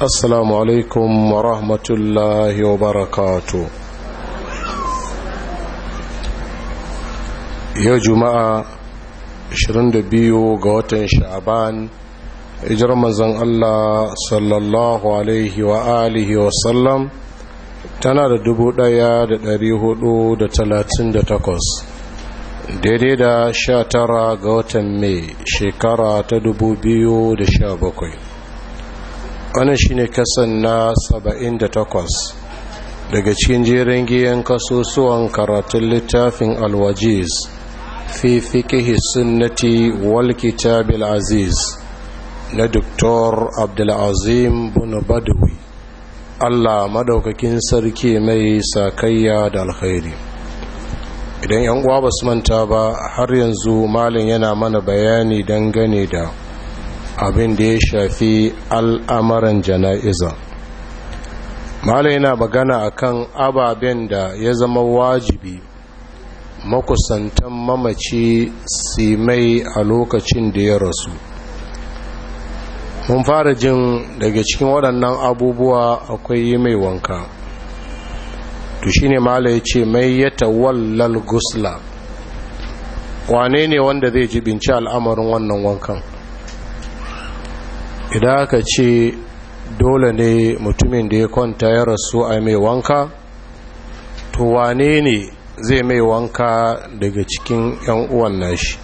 assalamu alaikum wa rahmatullahi wa barakatu yau juma'a 22 ga watan sha'aban ijar manzan Allah sallallahu alaihi wa alihi wa sallam tana da da takwas, daidai da sha tara ga watan mai shekara ta da sha bakwai. wannan shine kasan na 78 daga cikin jerin giyan kasusuwan karatun littafin alwajiz fi fikihi sunnati wal kitabil aziz na doktor abdulazim bin badawi allah madaukakin sarki mai sakayya da alkhairi idan yan uwa ba su manta ba har yanzu malin yana mana bayani dangane da abin da ya shafi al'amaran jana'iza mala yana magana akan ababen da ya zama wajibi makusantan mamaci simai a lokacin da ya rasu mun fara jin daga cikin waɗannan abubuwa akwai yi mai wanka to ne mala ya ce mai ya tawallal gusla wane ne wanda zai jibinci al'amarin wannan wankan idan aka ce dole ne mutumin da ya kwanta ya rasu a mai wanka to wane ne zai mai wanka daga cikin 'yan uwan nashi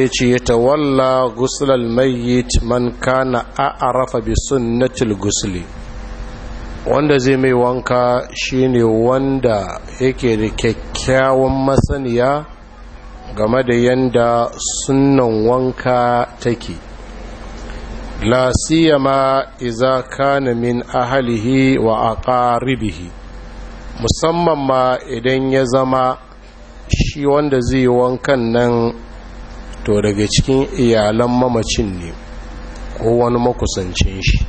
ya ce ya tawalla gusulal mayyit man kana arafa bi sunnatil gusli wanda zai mai wanka shine wanda yake da kyakkyawan masaniya game da yanda sunnan wanka take la siyama iza kana min ahalihi wa aqaribihi musamman ma idan ya zama shi wanda zai yi wankan nan to daga cikin iyalan mamacin ne ko wani makusancin shi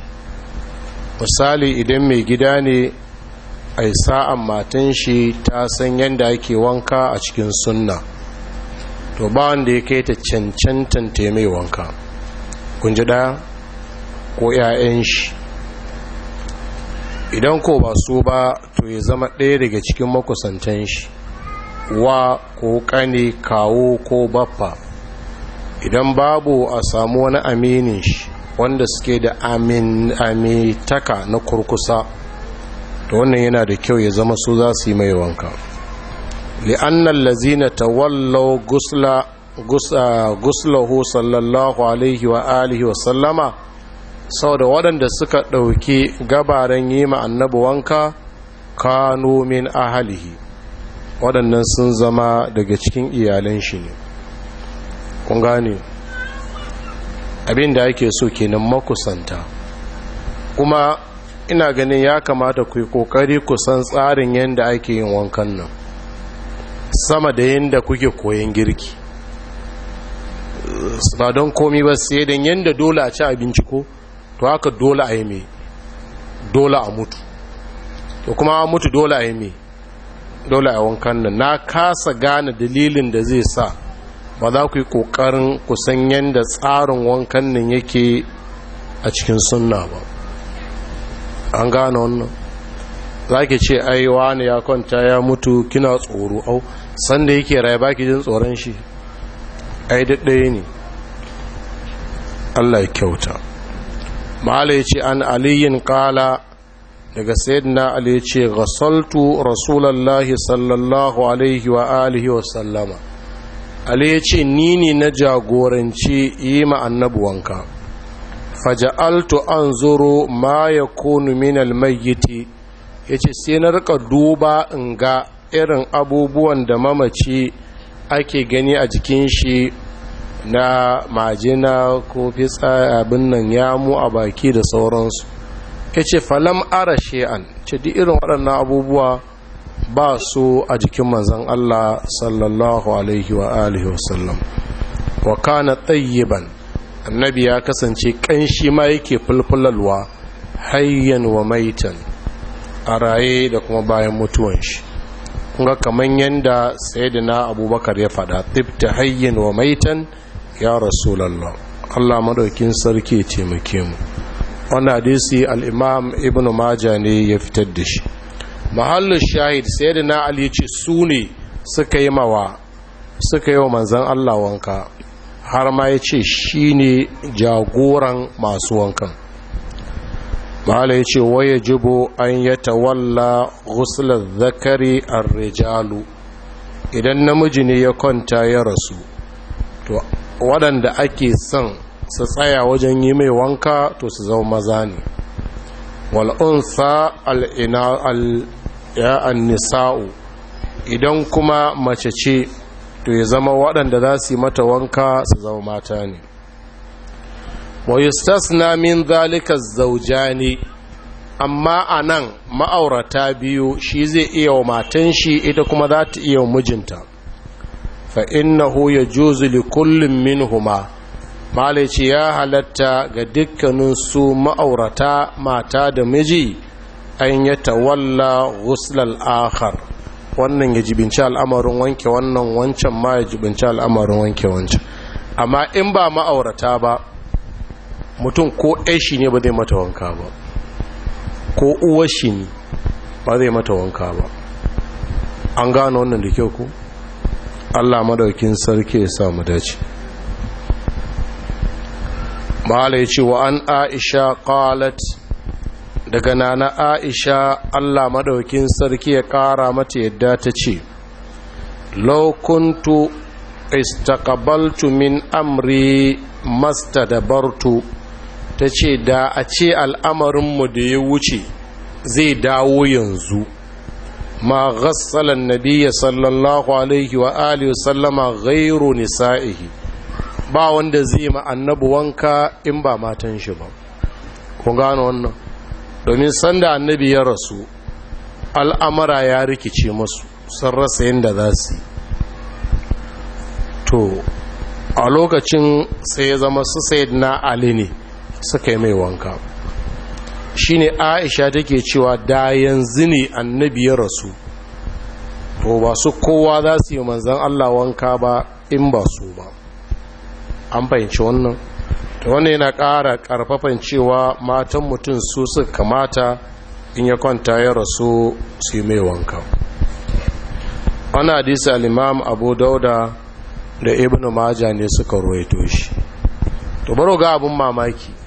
misali idan mai gida ne a sa'an matan shi ta san yadda ake wanka a cikin sunna to ba wanda ya kai ta cancantan mai wanka kun ji daya ko 'ya'yan shi idan ko ba su ba to ya zama ɗaya daga cikin makusantan shi wa ko kane kawo ko baffa idan babu a samu wani aminin shi wanda suke da amintaka na kurkusa to wannan yana da kyau ya zama su za su yi mai wanka li'annan lazina ta wallau hu sallallahu alaihi wa alihi wa sallama saboda waɗanda suka ɗauki gabaran yi ma annabi wanka kano min ahalihi waɗannan sun zama daga cikin iyalan shi ne kun gane abin da ake so kenan makusanta kuma ina ganin ya kamata ku yi ƙoƙari kusan tsarin yadda ake yin wankan nan sama da yadda kuke koyon girki ba don komi ba sai don yadda dole a ci abinci ko to haka dole a yi mai dole a mutu to kuma a mutu dole a yi mai dole a wankan nan na kasa gane dalilin da zai sa ba za ku yi ƙoƙarin kusan yadda tsarin wankan nan yake a cikin sunna ba an gane wannan za ki ce ai wani ya kwanta ya mutu kina tsoro au sanda yake rai ba ki jin tsoron shi ai daɗaya ne allah ya kyauta mala ya ce an aliyin kala daga sayyidina ali ya ce gasaltu rasulallahi sallallahu alaihi wa alihi wa sallama ali ya ce ni ne na jagoranci yi ma annabi wanka faja'altu anzuru ma yakunu min ya yace sai na rika duba in ga irin abubuwan da mamaci ake gani a jikin shi na majina ko fitsa abin nan ya mu a baki da sauransu ya ce falam ara she'an ce di irin waɗannan abubuwa ba su a jikin manzan Allah sallallahu alaihi wa alihi wasallam wa kana tsayyiban annabi ya kasance ƙanshi ma yake fulfulalwa hayyan wa maitan a raye da kuma bayan mutuwan shi Kuma kamar yadda sayyidina abubakar ya fada tifta hayyan wa maitan ya rasulallah allah madaukin sarki taimake mu wannan hadisi al'imam ibn maja ne ya fitar da shi mahallin shahid sai da na alici su ne suka yi mawa suka yi wa manzan allah wanka har ma ya ce shi ne jagoran masu wankan mahala ya ce ya jibo an ya tawalla ghuslar zakari rijalu idan namiji ne ya kwanta ya rasu waɗanda ake son su tsaya wajen yi mai wanka to su zau maza ne wal'unsa nisa’u idan kuma mace ce to ya zama waɗanda za su yi mata wanka su zau mata ne na min zauja ne amma a nan ma'aurata biyu shi zai iya wa matan shi ita kuma za ta iya mijinta fa innahu yajuzu li min minhuma malici ya halatta ga dukkanin su ma'aurata mata da miji an ya tawalla ghuslal akhar wannan ya jibinci al'amarin wanke wannan wancan ma ya jibinci al'amarin wanke wancan amma in ba ma'aurata ba mutum ko shi ne ba zai mata wanka ba ko uwashi ne ba zai mata wanka ba an gano wannan da kyau ko Allah madaukin sarki ya samu dace Malai ce wa an aisha qalat daga nana aisha allah maɗaukin sarki ya ƙara mata yadda ta ce kuntu istaqbaltu min amri masta da barto ta da a ce al'amarinmu da ya wuce zai dawo yanzu ma ghassala nabiyya sallallahu alaihi wa alihi sallama ghairu nisa'ihi ba wanda zai ma annabi wanka in ba matan shi ba kun gano wannan domin sanda annabi ya rasu al'amara ya rikice masu sun rasa yadda za su to a lokacin sai ya zama su sayid na ali ne suka yi mai wanka shine aisha take cewa da yanzu ne annabi ya rasu to ba su kowa za su yi manzan Allah wanka ba in ba su ba an fahimci wannan ta wannan yana ƙara ƙarfafan cewa matan mutum su su kamata in ya kwanta ya rasu su yi mai wanka wani hadisa al'imam abu dauda da ibn maja ne suka ruwaito shi to baro ga abin mamaki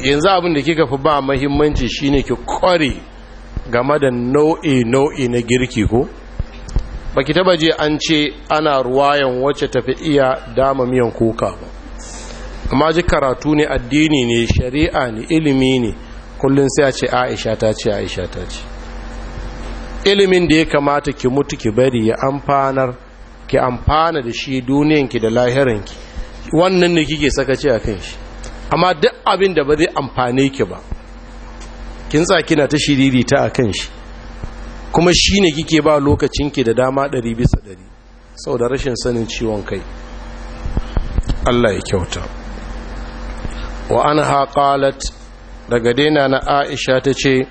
yanzu abin da kika fi ba mahimmanci shine ki kware game da nau'i nau'i na girki ko baki taba je an ce ana ruwayan wacce tafi iya dama miyan kuka ba amma ji karatu ne addini ne shari'a ne ilimi ne kullum sai a ce aisha ta ce aisha ta ce ilimin da ya kamata ki mutu ki bari ya amfanar ki amfana da shi duniyanki da lahiranki wannan ne kike saka sakaci a kanshi amma duk abin da ba zai amfane ki ba kin sa kina ta shiriri ta a shi kuma shi ne kike ba lokacin lokacinki da dama ɗari bisa ɗari sau da rashin sanin ciwon kai Allah ya kyauta wa haƙalat daga daina na aisha ta ce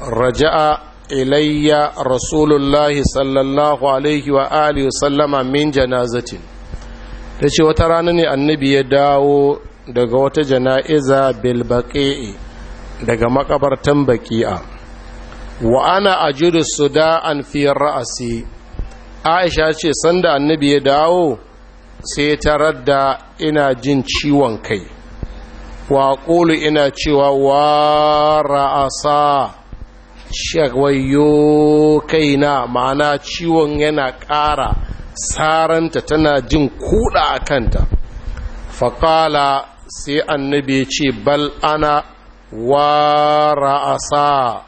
raja'a ilayya rasulullahi sallallahu alaihi wa alihi sallama min janazatin ta wata rana ne annabi ya dawo daga wata jana'iza bilbaƙe'i daga makabartan baƙi'a wa ana a jiru su an fi ra'asi aisha ce sanda annabi ya dawo sai tarar da ina jin ciwon kai wa ƙulu ina cewa wa ra'asa shagwayo kaina ma'ana ciwon yana ƙara saranta tana jin kuɗa a kanta faƙala sai annabi ya ce bal ana wa ra'asa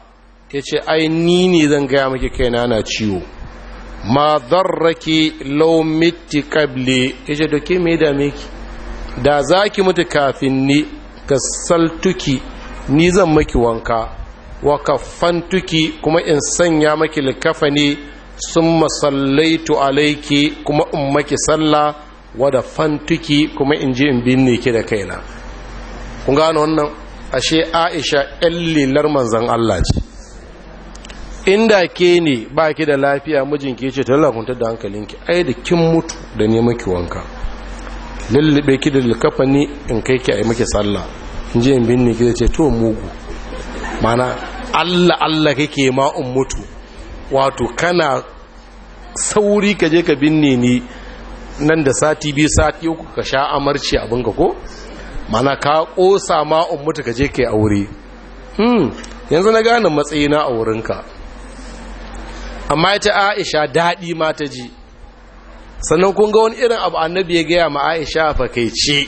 ya ce ai ni ne zan gaya maki kaina na ciwo ma zarraki law mitti qabli ya ce doke me da miki da zaki mutu kafin ni saltuki ni zan maki wanka wa kafantuki kuma in sanya maki likafani sun masallaitu alaiki kuma in maki sallah wada fantuki kuma in ji in binne ki da kaina kun gano wannan ashe aisha yan lilar manzan allah ce inda ke ne ba ki da lafiya mijinki ce ta lakuntar da hankalinki ai da kin mutu da ne maki wanka lullube ki da likafani in kai ki a yi maki sallah in je in binne ki da ce to mugu mana allah allah kake ma in mutu wato kana sauri ka je ka binne ni nan da sati biyu sati uku ka sha amarci abin ka ko mana ka kosa ma ummuta ka je kai aure hmm yanzu na gane matsayina a ka. amma ita Aisha dadi ma ta ji sannan kun ga wani irin abu annabi ya gaya ma Aisha fa kai ce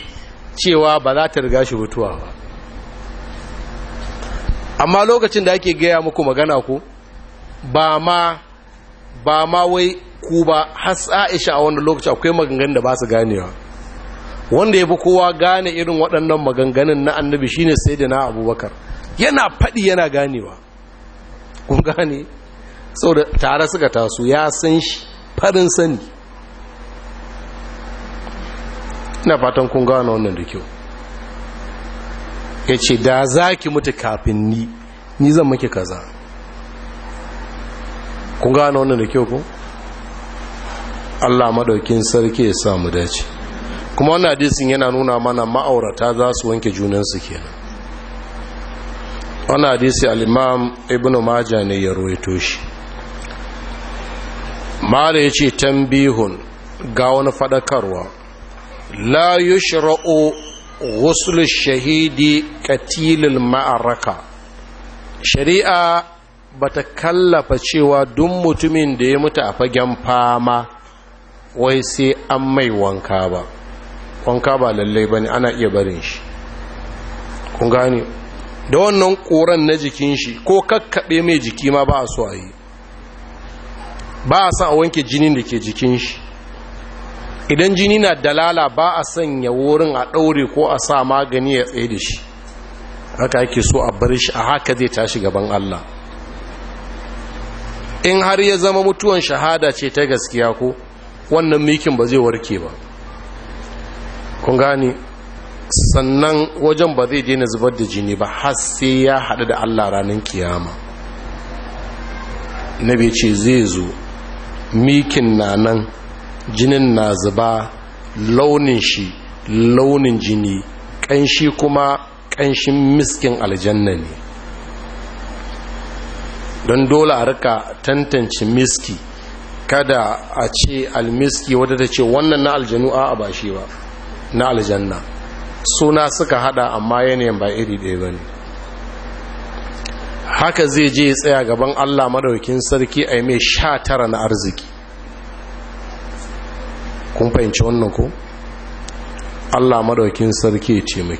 cewa ba za ta riga shi mutuwa ba amma lokacin da ake gaya muku magana ko ba ma ba ma wai ku ba has aisha a wanda lokaci akwai maganganun da ba su ganewa wanda ya fi kowa gane irin waɗannan maganganun na annabi shine sai da na abubakar yana faɗi yana ganewa kun gane sau da tare suka taso ya san shi farin sani ina fatan kun gane wannan da kyau yace da za mutu kafin ni ni zan maki kaza kun gane wannan da kyau ko? Allah madaukin sarki ya sa mu dace kuma wannan hadisin yana nuna mana ma'aurata za su wanke junansu kenan wannan hadisi al-imam ibn majah ne ya ruwaito shi Mare yace tambihun ga wani fadakarwa la yushra'u ghusl shahidi al ma'araka shari'a bata kallafa cewa duk mutumin da ya mutu a fagen fama wai sai an mai wanka ba wanka ba lallai ba ne ana iya barin shi kun gani da wannan koran na jikin shi ko kakkaɓe mai jiki ma ba a so a yi ba a sa a wanke jinin da ke jikin shi idan jini na dalala ba a sanya wurin a ɗaure ko a sa magani ya tsaye da shi haka ake so a bar shi a haka zai tashi gaban Allah in har ya zama mutuwan shahada ce ta gaskiya ko wannan mikin ba zai warke ba kun gani sannan wajen ba zai daina zubar da jini ba har sai ya haɗu da allah ranar kiyama na bai ce zai zo mikin na nan jinin na zuba launin shi launin jini ƙanshi kuma ƙanshin miskin aljanna ne don dole a rika tantance miski kada a ce almiski wadda ta ce wannan na aljanu a ba shi ba na aljanna suna suka hada amma yanayin ba iri ɗaya ba ne haka zai je tsaya gaban allah madaukin sarki a yi mai sha tara na arziki kun fahimci wannan ko allah madaukin sarki ya ce mu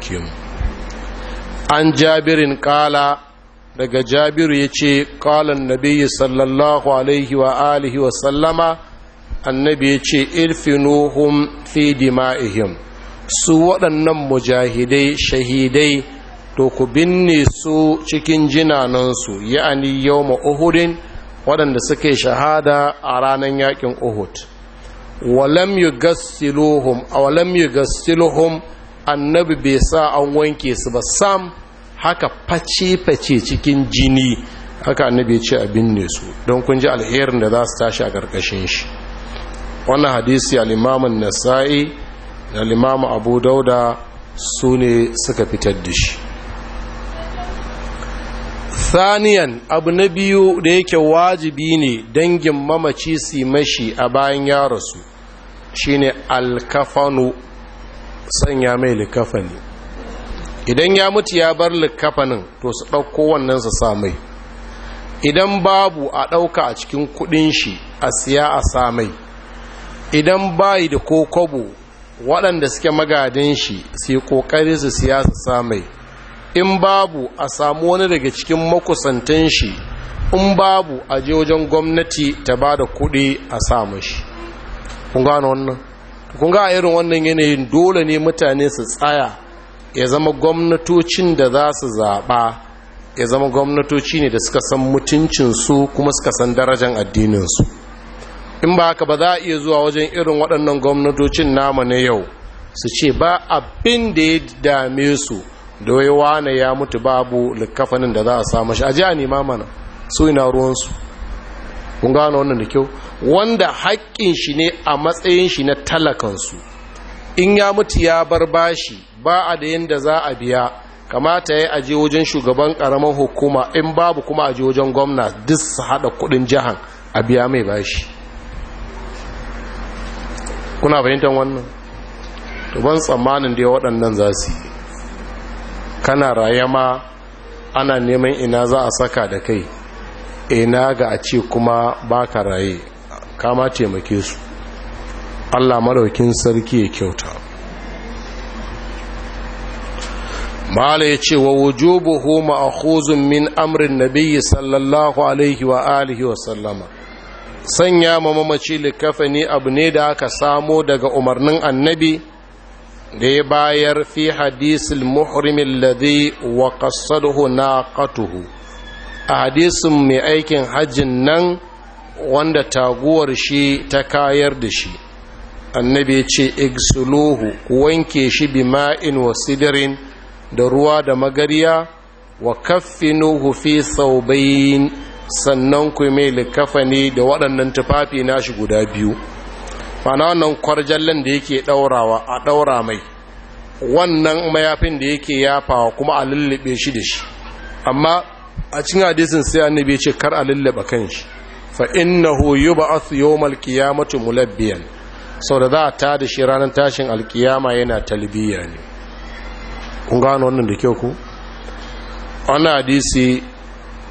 an jabirin ƙala. daga jabiru ya ce kalan nabi sallallahu alaihi wa alihi wa sallama annabi ya ce irfinuhum fi dima'ihim su waɗannan mujahidai shahidai to ku binne su cikin jinanansu ya'ani yawma uhudin waɗanda suke shahada a ranar yakin uhud walam yugassiluhum awalam annabi bai sa an wanke su ba sam haka face-face cikin jini haka annabi ya ce a binne su don kun ji alherin da za su tashi a ƙarƙashin shi wannan hadisi alimamin nasa'i da limamu abu dauda su ne suka fitar da shi saniyan abu na biyu da yake wajibi ne dangin mamaci su mashi a bayan ya rasu shine alkafanu sanya mai likafani idan ya mutu ya bar likafanin to su ɗauko wannan su samai idan babu a ɗauka a cikin kuɗin shi a siya a samai idan bayi da ko kobo waɗanda suke magadin shi su yi ƙoƙari su siya su samai in babu a samu wani daga cikin makusantan shi in babu a je wajen gwamnati ta ba da kuɗi a samu shi kun gano wannan kun ga irin wannan yanayin dole ne mutane su tsaya ya zama gwamnatocin da za su zaɓa ya zama gwamnatoci ne da suka san mutuncinsu kuma suka san darajan addininsu in ba haka ba za a iya zuwa wajen irin waɗannan gwamnatocin nama na yau su ce ba abin da ya dame su da wai wane ya mutu babu likafanin da za a samu shi a ji a nema mana su ina ruwansu kun gano wannan da kyau wanda haƙƙin shi ne a matsayin shi na talakansu in ya mutu ya bar bashi ba a da yadda za a biya kamata ya aje wajen shugaban karamar hukuma in babu kuma aji wajen gwamna duk su haɗa kudin jihan a biya mai bashi kuna fahimtar wannan ban tsammanin da ya waɗannan za su yi kana raye ma ana neman ina za a saka da kai ina ga a ce kuma baka raye kama taimake su allah maraukin sarki ya kyauta mala ya ce wa wujubuhu ma'khuzun min amrin nabiyyi sallallahu alaihi wa alihi wa sallama sanya ma mamaci likafani abu ne da aka samo daga umarnin annabi da ya bayar fi hadisul muhrimin ladai wa qassadahu naqatuhu a hadisin mai aikin hajjin nan wanda taguwar shi ta kayar da shi annabi ya ce igsuluhu wanke shi bima'in wa sidirin da ruwa da magariya wa kaffinuhu fi bayin sannan ku mai likafani da waɗannan tufafi na shi guda biyu mana wannan kwarjallan da yake ɗaurawa a ɗaura mai wannan mayafin da yake yafawa kuma a lullube shi da shi amma a cin hadisin sai annabi ce kar a lullube kan shi fa innahu yub'ath yawmal qiyamati mulabbiyan sau da za a tada shi ranar tashin alkiyama yana talbiya ne kun gano wannan da kyau ku wannan hadisi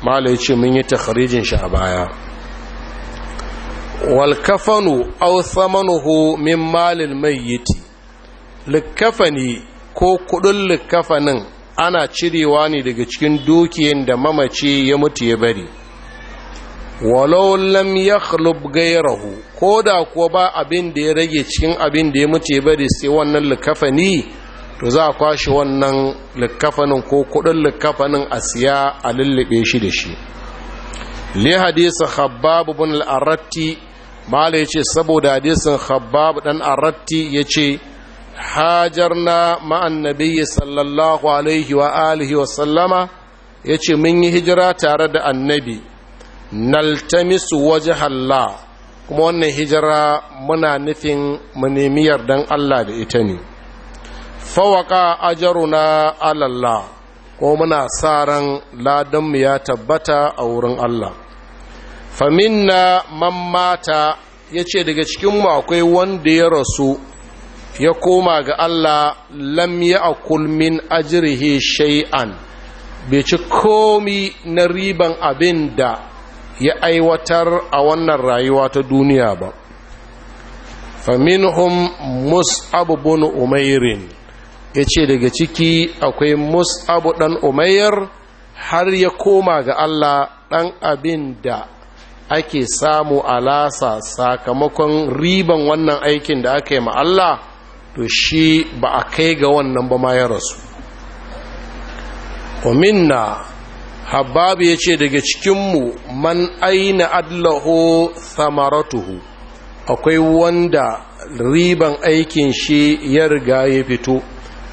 mala ce mun yi takharijin shi a baya wal kafanu aw thamanuhu min malil mayyiti likafani ko kudin likafanin ana cirewa ne daga cikin dukiyan da mamaci ya mutu ya bari walau lam yakhlub gairahu ko da kuwa ba abin da ya rage cikin abin da ya mutu ya bari sai wannan likafani to za a kwashe wannan likafanin ko kudin likafanin a siya a lullube shi da shi li hadisi khabbab ibn al-aratti malai yace saboda hadisin khabbab dan aratti yace hajarna ma nabiyyi sallallahu alaihi wa alihi wa sallama yace mun yi hijira tare da annabi naltamisu wajhallah kuma wannan hijira muna nufin mu nemi yardan Allah da ita ne fawaka ajaruna alalla ko muna sa ran ladanmu ya tabbata a wurin Allah faminna man mata ya ce daga cikinmu akwai wanda ya rasu ya koma ga Allah lam ya akul min ajrihi shay'an bai ci komi na riban abin da ya aiwatar a wannan rayuwa ta duniya ba faminhum mus'ab bin umairin ya ce daga ciki akwai mus'abu ɗan umayyar har ya koma ga Allah ɗan abin da ake samu alasa sakamakon riban wannan aikin da aka yi ma Allah to shi ba a kai ga wannan ba ma ya rasu ومنا ya ce daga cikinmu man aina adlaho Samaratuhu akwai wanda riban aikin shi ya riga ya fito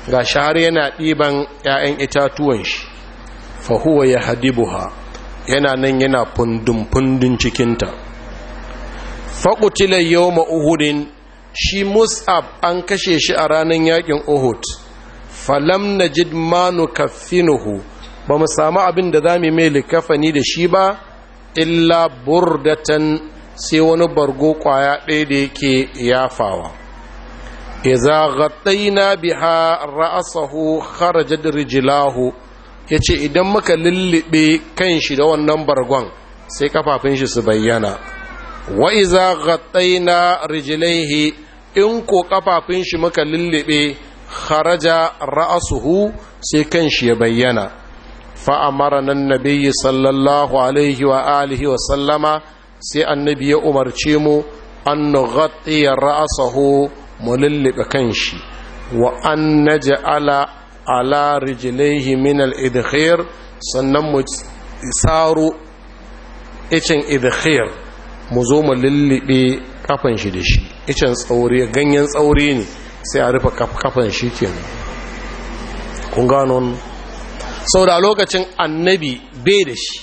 ga shahar yana ɗiban 'ya'yan itatuwan shi fahuwa ya hadibuha yana nan yana fundun-fundun cikinta faƙutila yau ma'uhudin shi mus'ab an kashe shi a ranar yakin uhud falam na jidmanu kafinuhu ba mu samu abin da za mu mai likafani da shi ba illa burdatan sai wani bargo kwaya ɗaya da yake yafawa iza ghattaina biha ra'asahu kharajat rijlahu yace idan muka lullube kanshi da wannan bargon sai kafafun shi su bayyana wa iza ghattaina rijlaihi in ko kafafun shi muka lullube kharaja ra'asuhu sai kanshi ya bayyana fa amara nan nabiyyi sallallahu alaihi wa alihi wa sallama sai annabi ya umarce mu an nughatti ra'asahu mu lullube kanshi wa an naj'ala ala rijlaihi min al-idkhir sannan mu saru icin idkhir mu zo mu lullube kafan shi da shi icin tsauri ganyen tsauri ne sai a rufe kafan shi kenan kun gano sau da lokacin annabi bai da shi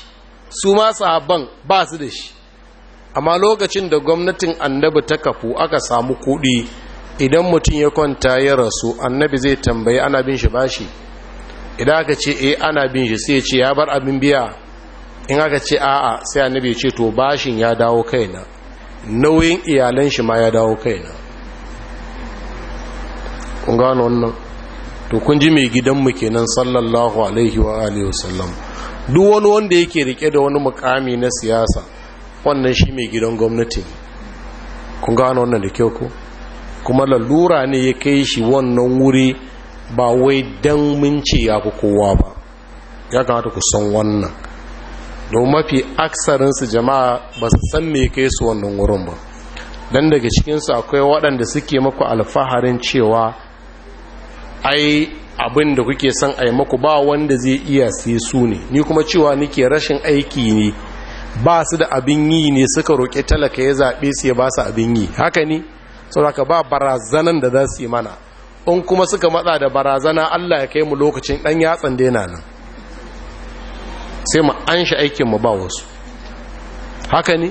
su ma sahabban ba su da shi amma lokacin da gwamnatin annabi ta kafu aka samu kuɗi idan mutum ya kwanta ya rasu annabi zai tambayi ana bin shi bashi idan aka ce eh ana bin shi sai ce ya bar abin biya in aka ce a'a sai annabi ya ce to bashin ya dawo kaina nauyin iyalan shi ma ya dawo kaina kun gano wannan to kun ji mai gidanmu kenan sallallahu alaihi wa alihi wasallam duk wani wanda yake rike da wani mukami na siyasa wannan shi mai gidan gwamnati kun gano wannan da kyau ko kuma lalura ne ya kai shi wannan wuri ba wai don mun ya fi kowa ba ya kamata ku san wannan don mafi aksarinsu jama'a ba su san me kai su wannan wurin ba don daga cikinsu akwai waɗanda suke maku alfaharin cewa ai abin da kuke son a maku ba wanda zai iya sai su ne ni kuma cewa nike rashin aiki ne ba su da abin yi ne suka roƙe talaka ya zaɓe su ya ba su abin yi haka ne saboda ba barazanan da za su yi mana in kuma suka matsa da barazana Allah ya kai mu lokacin dan yatsan daina nan sai mu an shi aikin mu ba wasu haka ne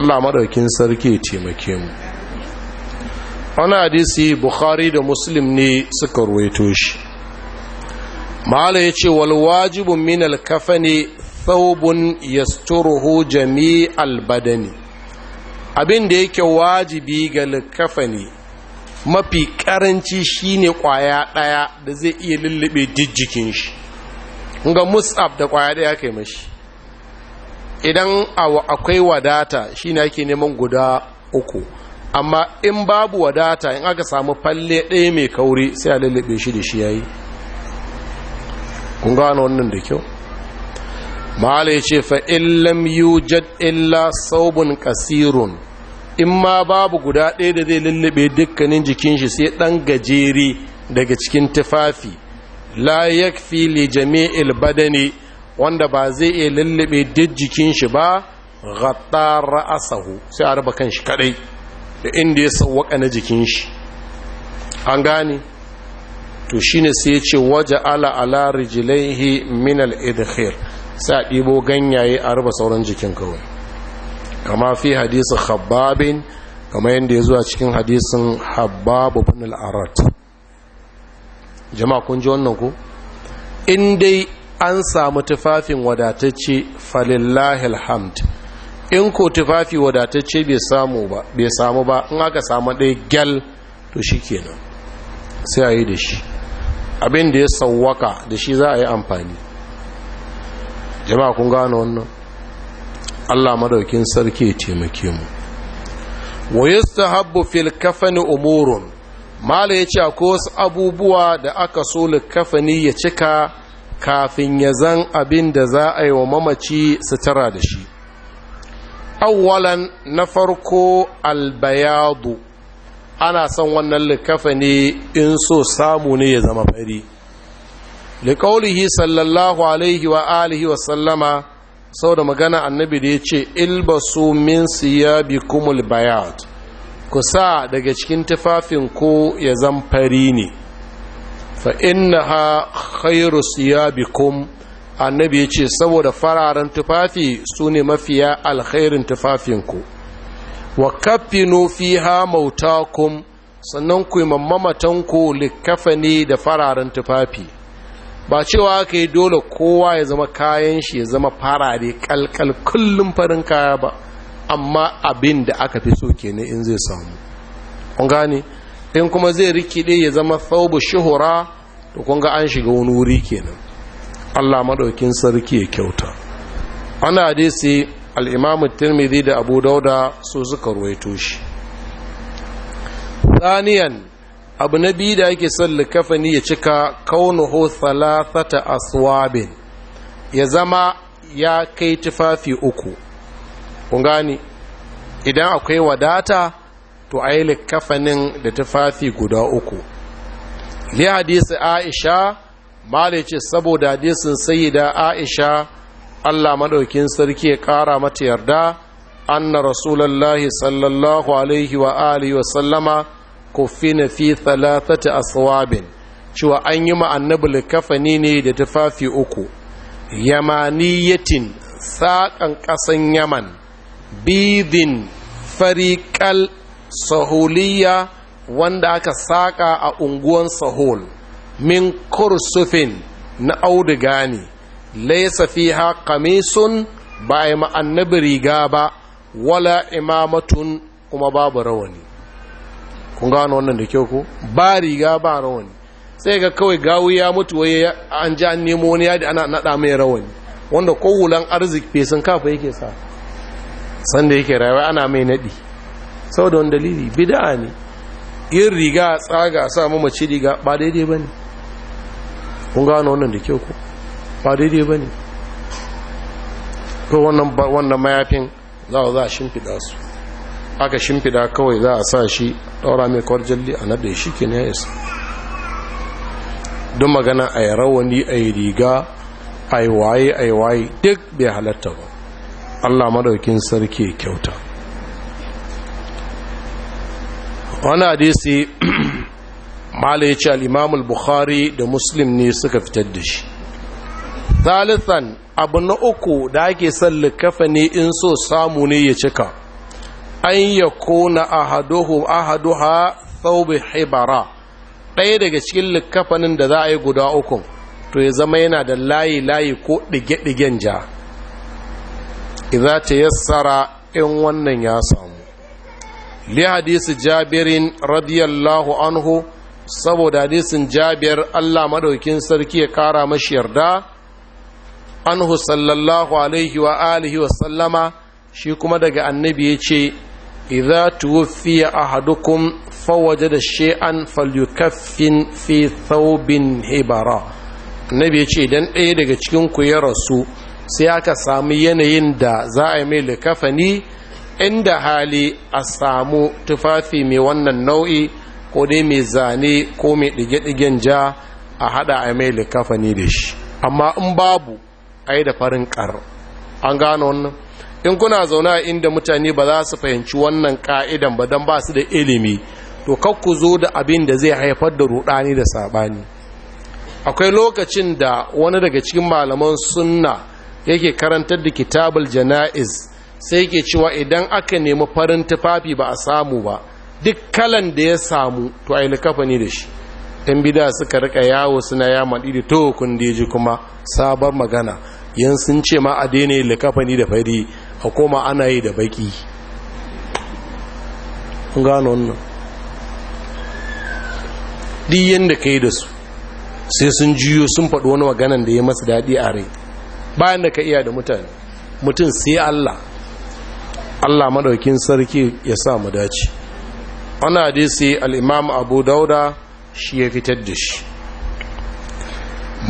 Allah madaukin sarki ya taimake mu wani hadisi bukhari da muslim ne suka ruwaito shi ma'ala ya ce walwajibun min alkafani thawbun yasturuhu jami'al badani abin da yake wajibi ga likafani mafi karanci shine kwaya daya da zai iya lullube jijjikin shi ga musab da kwaya daya kai mashi idan akwai wadata shine ake neman guda uku amma in babu wadata in aka samu falle ɗaya mai kauri sai a lullube shi da shi yayi kun gano wannan da kyau malai ce fa illam yujad illa saubun kasirun in ma babu guda ɗaya da zai lullube dukkanin jikin shi sai ɗan gajeri daga cikin tufafi la yakfi li jami'il badani wanda ba zai iya lullube duk jikin shi ba ghatta ra'asahu sai a raba kanshi kadai da inda ya sawwaka na jikin shi an gane to shine sai ya ce waje ala ala rijlaihi min al-idkhir sai a ɗibo ganyaye a raba sauran jikin kawai kama fi hadisun hababin kama yadda ya zuwa cikin hadisun habbabu bin al'arat jama'a kunji wannan ku in dai an samu tufafin wadatacce falillahil hamd in ko tufafi wadatacce bai samu ba in aka samu ɗaya gyal to shi kenan sai a yi da shi abin da ya sauwaka da shi za a yi amfani jama'a kun gano wannan Allah madaukin sarki ya taimake mu wa yastahabbu fil kafani umurun mala yace akwai wasu abubuwa da aka so likafani ya cika kafin ya zan abin da za a yi wa mamaci sutura da shi awwalan na farko albayadu ana son wannan likafani in so samu ne ya zama fari Likaulihi sallallahu alaihi wa alihi wa sallama sau da magana annabi da ya ce ilbasu min siyabi kumul bayat ku sa daga cikin tufafin ku ya zan fari ne fa innaha khairu siyabikum annabi ya ce saboda fararen tufafi su ne mafiya alkhairin tufafinku wa ha mauta kum sannan ku yi mamatanku likkafa ne da fararen tufafi ba cewa ka yi dole kowa ya zama kayan shi ya zama fara farare kalkal kullum farin kaya ba amma abin da aka fi so kenan in zai samu kun gane in kuma zai rikide ya zama Sa'ubu shuhura to kun ga an shiga wani wuri kenan Allah madaukin sarki ya kyauta ana hadisi al-Imam da Abu Dauda su suka ruwaito shi thaniyan abu na biyu da ake son likafani ya cika kaunuhu thalathata aswabin ya zama ya kai tufafi uku kun gani idan akwai wadata to a yi likafanin da tufafi guda uku li hadisi aisha malice saboda hadisin sayida aisha allah maɗaukin sarki ya ƙara mata yarda anna rasulallah sallallahu alaihi wa alihi wa sallama kufina fi thalathati aswabin cewa an yi annabi likafani ne da tufafi uku yamaniyatin saƙan ƙasan yaman bidin fariƙal sahuliya wanda aka saƙa a unguwan sahol min kursufin na auduga ne laisa fiha kamisun ba a yi ma'annabi riga ba wala imamatun kuma babu rawani kun gano wannan da kyau ko ba riga ba rawani sai ga kawai gawu ya mutu waye an ji an nemo wani yadi ana nada mai rawani wanda ko arziki arziki fesin kafa yake sa sanda yake rayuwa ana mai nadi saboda wani dalili bid'a ne yin riga a tsaga a sa mace riga ba daidai ba ne kun gano wannan da kyau ko ba daidai ba ne to wannan mayafin za a za a shimfiɗa su aka shimfida kawai za a sa shi daura mai kawar jalli a nadai shi ke ne don magana a yi rawani a yi riga a yi waye a yi waye duk bai halatta ba allah madaukin sarki kyauta wani hadisi mala ya ce al'imamul bukhari da muslim ne suka fitar da shi thalithan abu na uku da ake son likafa ne in so samu ne ya cika an ya kona hadu ahaduha thawbi haibara, ɗaya daga cikin likafanin da za a yi guda uku to ya zama yana da layi layi ko ɗige-ɗigen ja idza yassara in wannan ya samu li hadisi jabirin radiyallahu anhu saboda hadisin jabir Allah maɗaukin sarki ya kara mashi yarda anhu sallallahu alaihi wa alihi wa sallama shi kuma daga annabi ya ce idza tuwfiya ahadukum fawajada shay'an falyukaffin fi thawbin hibara annabi ya ce idan ɗaya daga cikin ku ya rasu sai aka samu yanayin da za a yi mai likafani inda hali a samu tufafi mai wannan nau'i ko dai mai zane ko mai ɗige-ɗigen ja a haɗa a mai likafani da shi amma in babu ai da farin ƙar an gano wannan in kuna zauna inda mutane ba za su fahimci wannan ka'idan ba don ba su da ilimi to kakku zo da abin da zai haifar da rudani da sabani akwai lokacin da wani daga cikin malaman sunna yake karantar da kitabul jana'iz sai yake cewa idan aka nemi farin tufafi ba a samu ba duk kalan da ya samu to ai likafa ne da shi ɗan bida suka rika yawo suna ya maɗi da ya ji kuma sabon magana yin sun ce ma a daina ne da fari a koma ana yi da baki gano wannan diyan da ka yi da su sai sun juyo sun faɗi wani maganan da ya masu daɗi a rai bayan da ka iya da mutane mutum sai Allah Allah maɗaukin sarki ya sa mu dace ana dai sai al'imam abu dauda shi ya fitar da shi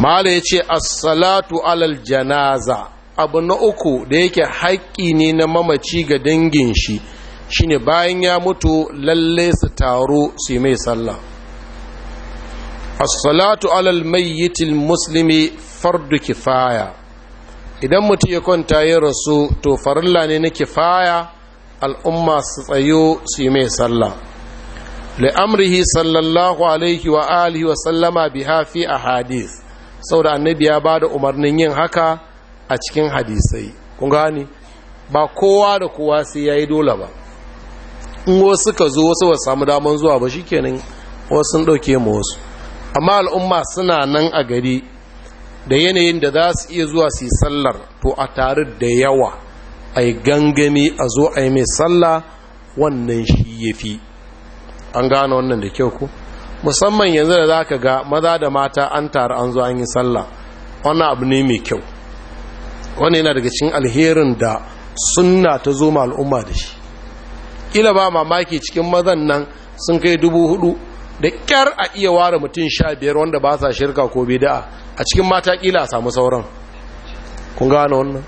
mala ya ce assalatu alal janaza abu na uku da yake haƙƙi ne na mamaci ga dangin shi shine bayan ya mutu lalle su taro su mai sallah as-salatu alal mayyitil muslimi fardu kifaya idan mutum ya kwanta ya rasu to farilla ne na kifaya al'umma su tsayo su mai sallah li'amrihi sallallahu alaihi wa alihi wa sallama biha fi ahadith saboda annabi ya bada umarnin yin haka a cikin hadisai kun gani ba kowa da kowa sai ya yi dole ba in wasu ka zo wasu ba samu daman zuwa ba shikenan wasu sun ɗauke mu wasu amma al'umma suna nan a gari da yanayin da za su iya zuwa su yi sallar to a tare da yawa a yi gangami a zo a yi mai sallah wannan shi ya fi an gane wannan da kyau ku musamman yanzu da za ka ga maza da mata an taru an zo an yi sallah wannan abu ne mai kyau wani yana daga cikin alherin da sunna ta zo ma al'umma da shi Ila ba mamaki cikin mazan nan sun kai dubu hudu da kyar a iya ware mutum sha biyar wanda ba sa shirka ko bida'a a cikin mata kila a samu sauran kun gane wannan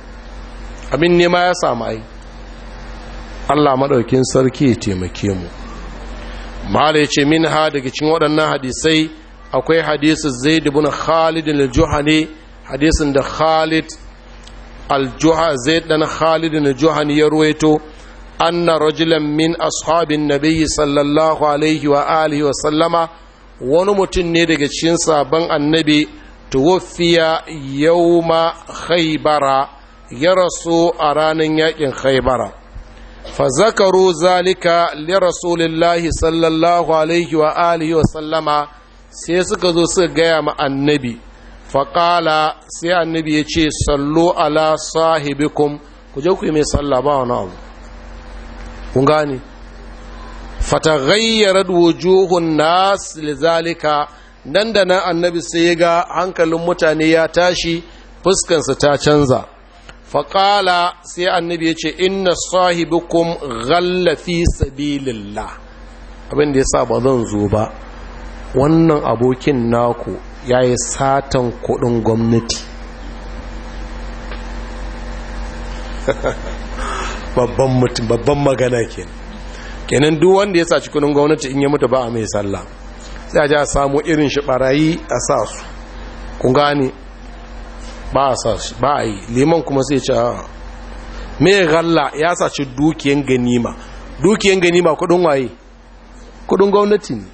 abin nema ya samu ai Allah maɗaukin sarki ya taimake mu mala ya ce min ha daga cikin waɗannan hadisai akwai zai dubu na khalid al-juhani hadisin da khalid aljuha zai dan khalid na juhan ya ruwaito anna rajulan min ashabin nabiyyi sallallahu alaihi wa alihi wa sallama wani mutum ne daga cikin sabon annabi tuwaffiya yauma khaybara ya rasu a ranar yakin khaybara fa zakaru zalika li rasulillahi sallallahu alaihi wa alihi wa sallama sai suka zo suka gaya ma annabi faƙala sai annabi ya ce sallo ala sahibikum ku je ku yi mai sallah ba wani abu kun gane fataghayyarad wujuhun nas lizalika nan da nan annabi sai ga hankalin mutane ya tashi fuskansa ta canza faƙala sai annabi ya ce inna sahibikum ghalla fi sabilillah abin da yasa ba zan zo ba wannan abokin naku ya yi satan kudin gwamnati babban mutum babban magana kenan kenan duk wanda ya saci kudin gwamnati in ya mutu ba a mai sallah sai a ji a samu irin shi barayi a sa su kun gane ba a sa su ba a yi liman kuma sai ce mai galla ya saci dukiyan ganima dukiyan ganima kudin waye kudin gwamnati ne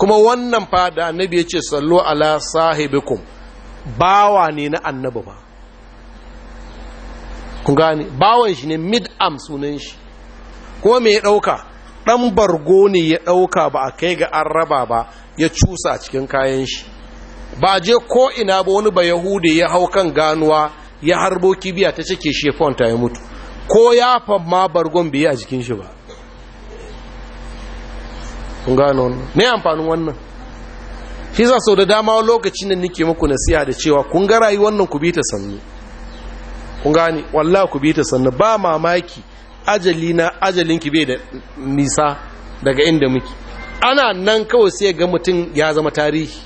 kuma wannan fada annabi ya ce sallu ala sahibikum bawa ne na annabi ba kun gane bawan shi ne mid am sunan shi kuma me ya ɗauka ɗan bargo ne ya ɗauka ba a kai ga an raba ba ya cusa cikin kayan shi ba je ko ina ba wani ba yahudi ya hau kan ganuwa ya harbo kibiya ta cike shi ya ya mutu ko ya ma bargon bai a jikin shi ba kun gano wannan me amfanin wannan shi sau da dama lokacin da nake muku nasiha da cewa kun ga rayuwar wannan ku bi ta sannu kun gane wallahi ku bi ta sannu ba mamaki ajali na ajalin ki bai da nisa daga inda muke ana nan kawai sai ga mutum ya zama tarihi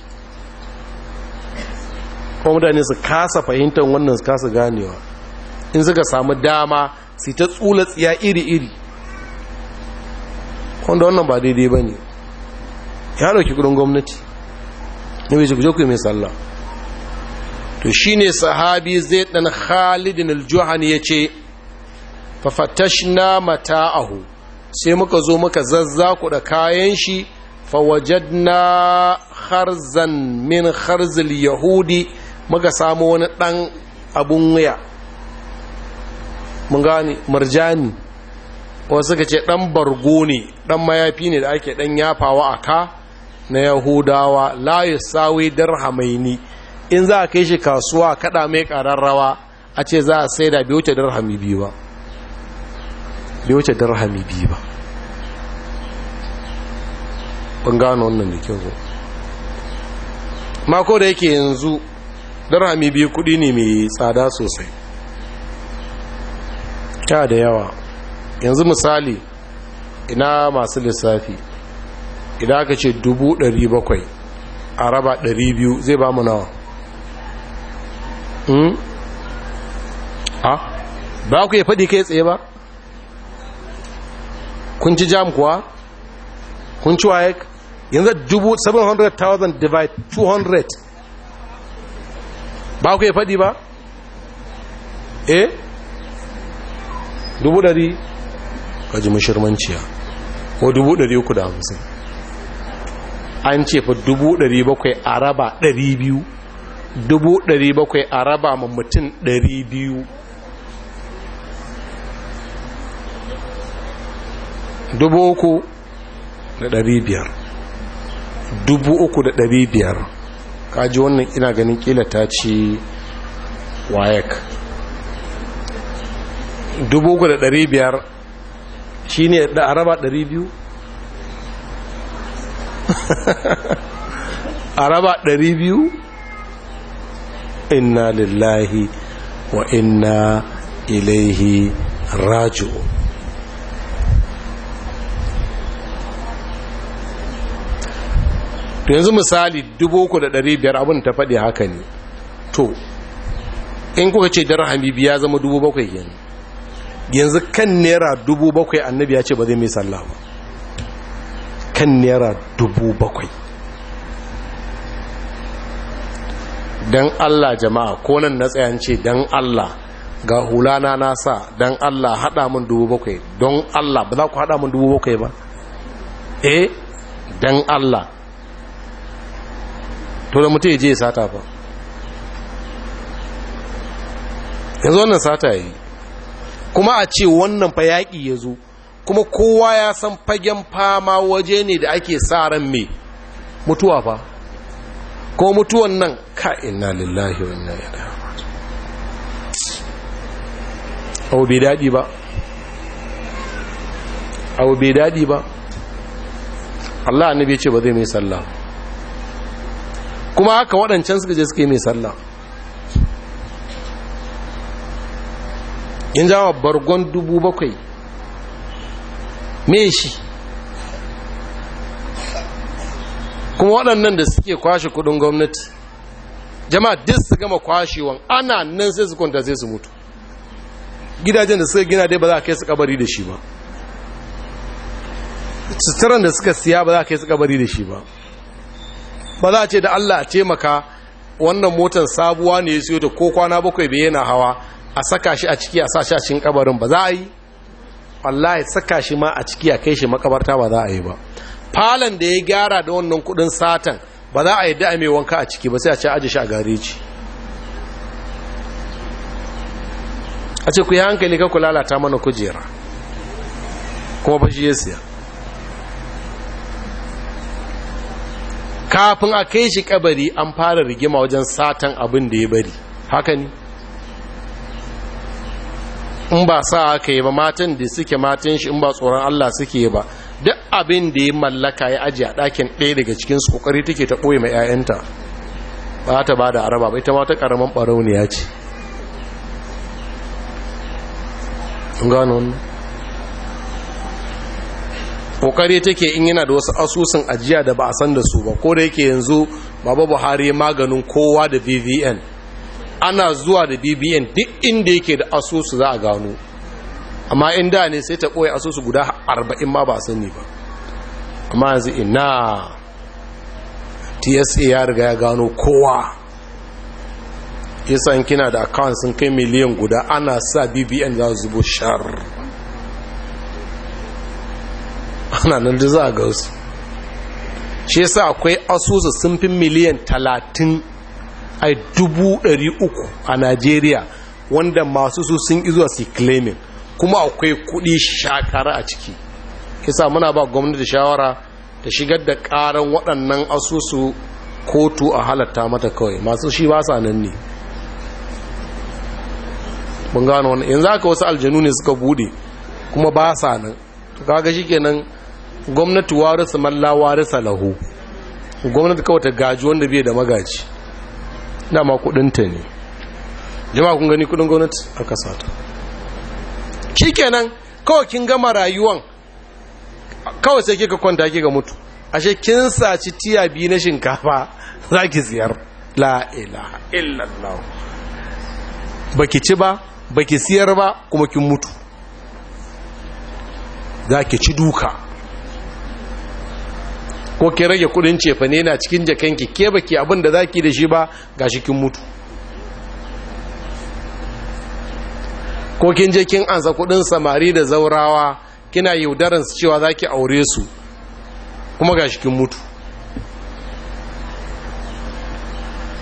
kuma mutane su kasa fahimtar wannan su kasa ganewa in suka samu dama su ta tsula tsiya iri-iri wanda wannan ba daidai ba ne ya dauki kudin gwamnati ya bai je ku mai sallah to shi ne sahabi zai ɗan khalidin aljuhan ya ce fafatashna mata'ahu sai muka zo muka zazzaku da kayan shi fawajadna harzan min harzil yahudi muka samu wani ɗan abun wuya mun gani marjani ko suka ce ɗan bargo ne ɗan mayafi ne da ake ɗan yafawa a ka na yahudawa la yusawi dirhamaini in za a kai shi kasuwa kaɗa mai ƙararrawa a ce za a sai da bai wuce dirhami biyu ba bai wuce dirhami biyu ba kun gano wannan da kyau mako da yake yanzu dirhami biyu kuɗi ne mai tsada sosai ta da yawa yanzu misali ina masu lissafi idan aka ce dubu bakwai a raba ɗari biyu zai ba mu nawa hmm? ha ba ku ya faɗi kai tsaye ba kun ci jam kuwa kun ci waye yanzu 700,000 divide 200 ba ku ya faɗi ba eh dubu dari. kaji mashirmanciya ko dubu an ce fa dubu a raba ɗari biyu a raba ma mutum ɗari biyu dubu uku da ɗari biyar kaji wannan ina ganin kila ta ci wayek dubu uku da ɗari biyar shi ne da A 200 ɗari 200 inna lillahi wa inna ilaihi raju yanzu misali 3,500 abin ta faɗi haka ne to in kuka ce hamibi ya zama 7,000 yanzu yanzu kan naira dubu bakwai annabi ya ce ba zai mai sallah ba kan naira dubu bakwai don allah jama'a ko nan na tsayan ce don allah ga hulana na sa don allah haɗa mun dubu bakwai don allah ba za ku haɗa mun dubu bakwai ba eh don allah to da mutu ya je sata ba yanzu wannan sata ya yi kuma a ce wannan fa yaƙi ya zo kuma kowa ya san fagen fama waje ne da ake sa ran mai mutuwa fa ko mutuwan nan ka inna lillahi wa inna ilaihi abu bai daɗi ba abu bai daɗi ba Allah annabi ce ba zai mai sallah kuma haka waɗancan suka je suka yi mai sallah in zama bargon dubu bakwai me shi kuma waɗannan da suke kwashe kudin gwamnati jama'a duk su gama kwashewan ana nan sai su kwanta sai su mutu gidajen da suka gina dai ba za a kai su kabari da shi ba suturan da suka siya ba za a kai su kabari da shi ba ba za a ce da allah a taimaka wannan motar sabuwa ne ya siyo ta ko kwana bakwai bai yana hawa a saka shi a ciki a sa shi a cikin kabarin ba za a yi wallahi saka shi ma a ciki a kai shi makabarta ba za a yi ba falon da ya gyara da wannan kudin satan ba za a yi da mai wanka a ciki ba sai a ce aje shi a gareji a ce ku yi hankali ka ku lalata mana kujera kuma ba shi ya siya kafin a kai shi kabari an fara rigima wajen satan abin da ya bari haka ne in ba sa aka yi ba matan da suke matan shi in ba tsoron Allah suke ba duk abin da ya mallaka ya ajiye a ɗakin ɗaya daga cikin su kokari take ta ɓoye mai 'ya'yanta ba ta ba da araba ba ita ma ta ƙaramin ya ce kokari take in yana da wasu asusun ajiya da ba a san da su ba ko da yake yanzu baba buhari maganin kowa da vvn ana zuwa da bbn duk inda yake da asusu za a gano amma inda ne sai ta koya asusu guda arba'in ma ba sani ba amma yanzu ina tsa ya riga ya gano kowa san kina da akawun sun kai miliyan guda ana sa bbn za su zubo shar ana nan da za a ga su shi yasa akwai asusu sun fi miliyan talatin ai dubu ɗari uku a najeriya wanda masu su sun izo su claiming kuma akwai kuɗi shakara a ciki kisa muna ba gwamnati shawara ta shigar da karan waɗannan asusu kotu a halatta mata kawai masu shi ba sa nan ne mun gano wani yanzu aka wasu aljanu ne suka bude kuma ba sa nan kaga shikenan gwamnati warisa malla warisa lahu gwamnati kawai ta gaji wanda bai da magaji dama kudinta ne jama'a kun gani kudin gwamnati a kasa ta kenan kawai kin gama rayuwan kawai sai kika kwanta kika mutu ashe kin saci tiya biyu na shinkafa za ki ziyar la ilaha illallah baki ci ba baki siyar ba kuma kin mutu za ki ci duka ko ki rage kudin cefane ne na cikin jakanki ke baki abin da zaki da shi ba ga kin mutu ko kin je kin ansa kudin samari da zaurawa kina yaudaran su cewa zaki aure su kuma ga kin mutu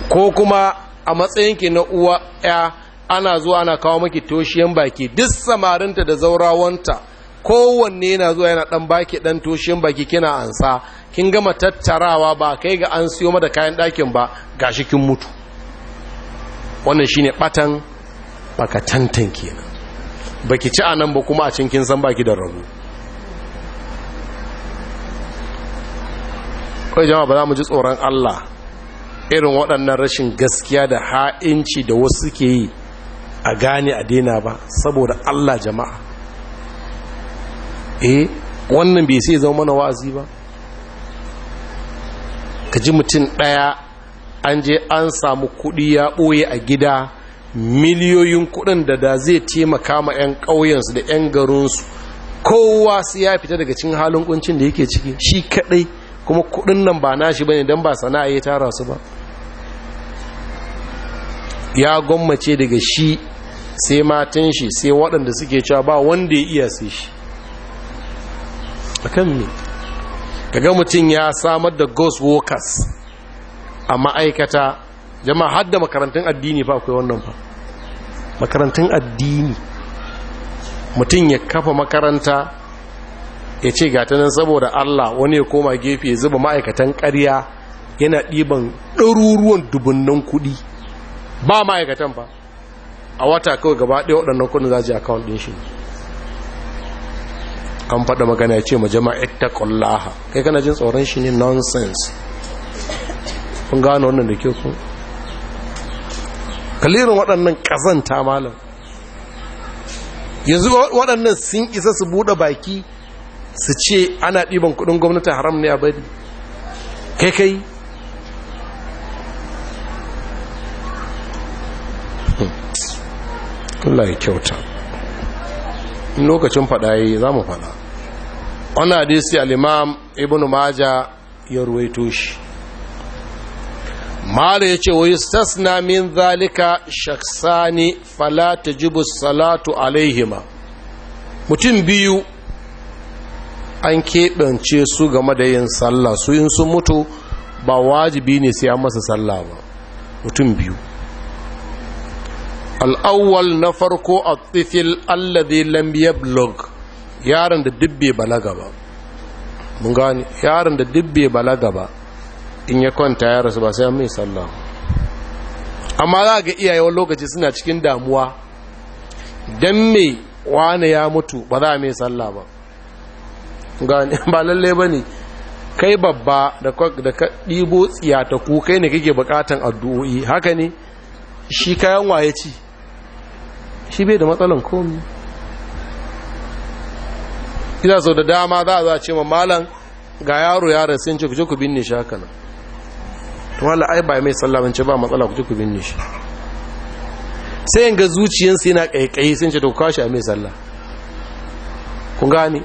ko kuma a matsayinki na uwa ya ana zuwa ana kawo maki toshiyan baki duk samarinta da zaurawanta kowanne yana zuwa yana dan baki dan toshiyan baki kina ansa kin gama tattarawa ba kai ga an siyo mata kayan ɗakin ba ga shi kin mutu wannan shine batan baka tantan kenan baki ci anan ba kuma a cikin san baki da rabu kai jama'a ba za mu ji tsoron Allah irin waɗannan rashin gaskiya da ha'inci da wasu suke yi a gane a daina ba saboda Allah jama'a eh wannan bai sai zama mana wa'azi ba ka ji mutum ɗaya an je an samu kuɗi ya ɓoye a gida miliyoyin kuɗin da da zai taimaka ma 'yan ƙauyensu da 'yan garinsu kowa su ya fita daga cin halin kuncin da yake ciki shi kaɗai kuma kuɗin nan ba nashi bane don ba sana'a ya tara su ba ya gwammace daga shi sai matan shi sai waɗanda suke cewa ba wanda ya iya sai shi a kan ne kaga mutum ya samar da ghost workers a ma'aikata jama'a hadda makarantun addini fa akwai wannan fa makarantun addini mutum ya kafa makaranta ya ce gata nan saboda Allah wani ya koma gefe ya zuba ma'aikatan ƙarya yana ɗiban ɗaruruwan dubunnan kuɗi ba ma'aikatan ba a wata kawai gaba ɗaya waɗannan kuɗin za a ji account ɗin shi ne an faɗa magana ya ce ma jama'a kullaha kai kana jin tsoron shi ne nonsense kun gano wannan da ke ku kalirin waɗannan ƙazanta malam yanzu waɗannan sun isa su buɗe baki su ce ana ɗiban kuɗin gwamnati haram ne a bari kai kai hmm. Allah ya kyauta in lokacin faɗa yi za mu faɗa wani hadisi al'imam ibn maja ya ruwaito shi mara ya ce wai sasna min zalika shaksani falata jibus salatu alaihima mutum biyu an keɓance su game da yin sallah su yin sun mutu ba wajibi ne sai an masa sallah ba mutum biyu al'awwal na farko a tsifil allazi lam yablug yaron da dubbe balaga ba mun gane yaron da dubbe balaga ba in ya kwanta ya rasu ba sai mai sallah amma za ga iyaye wani lokaci suna cikin damuwa don me wani ya mutu ba za a mai sallah ba gani ba lalle ba ne kai babba da ka ɗibo tsiyata ku kai ne kake bukatan addu'o'i haka ne shi kayan waye ci shi bai da matsalan komi ina sau da dama za a ce ma malam ga yaro ya rasu yin ku je ku binne shi haka nan to wala ai ba mai sallamin ce ba matsala ku je ku binne shi sai yin ga zuciyansu yana ƙaiƙayi sun ce to kashi a mai sallah kun gane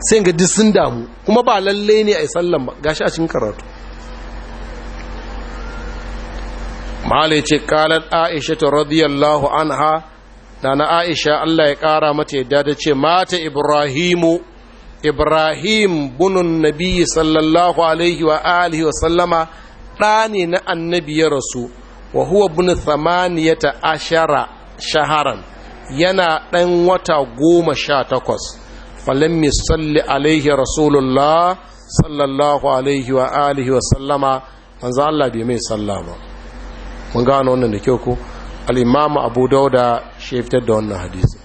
sai ga duk sun damu kuma ba lalle ne a yi sallan ba gashi a cikin karatu mahalai ce kalar aisha ta radiyallahu anha da na aisha allah ya ƙara mata yadda da ce mata ibrahimu ibrahim bunun nabi sallallahu alaihi wa alihi wa sallama ɗani na annabi ya rasu wa huwa bin thamaniyata ashara shaharan yana ɗan wata goma sha takwas falin misalli alaihi rasulullah sallallahu alaihi wa alihi wa sallama manzo Allah bai mai sallama mun gano wannan da kyau ko al-imam abu dauda shi da wannan hadisi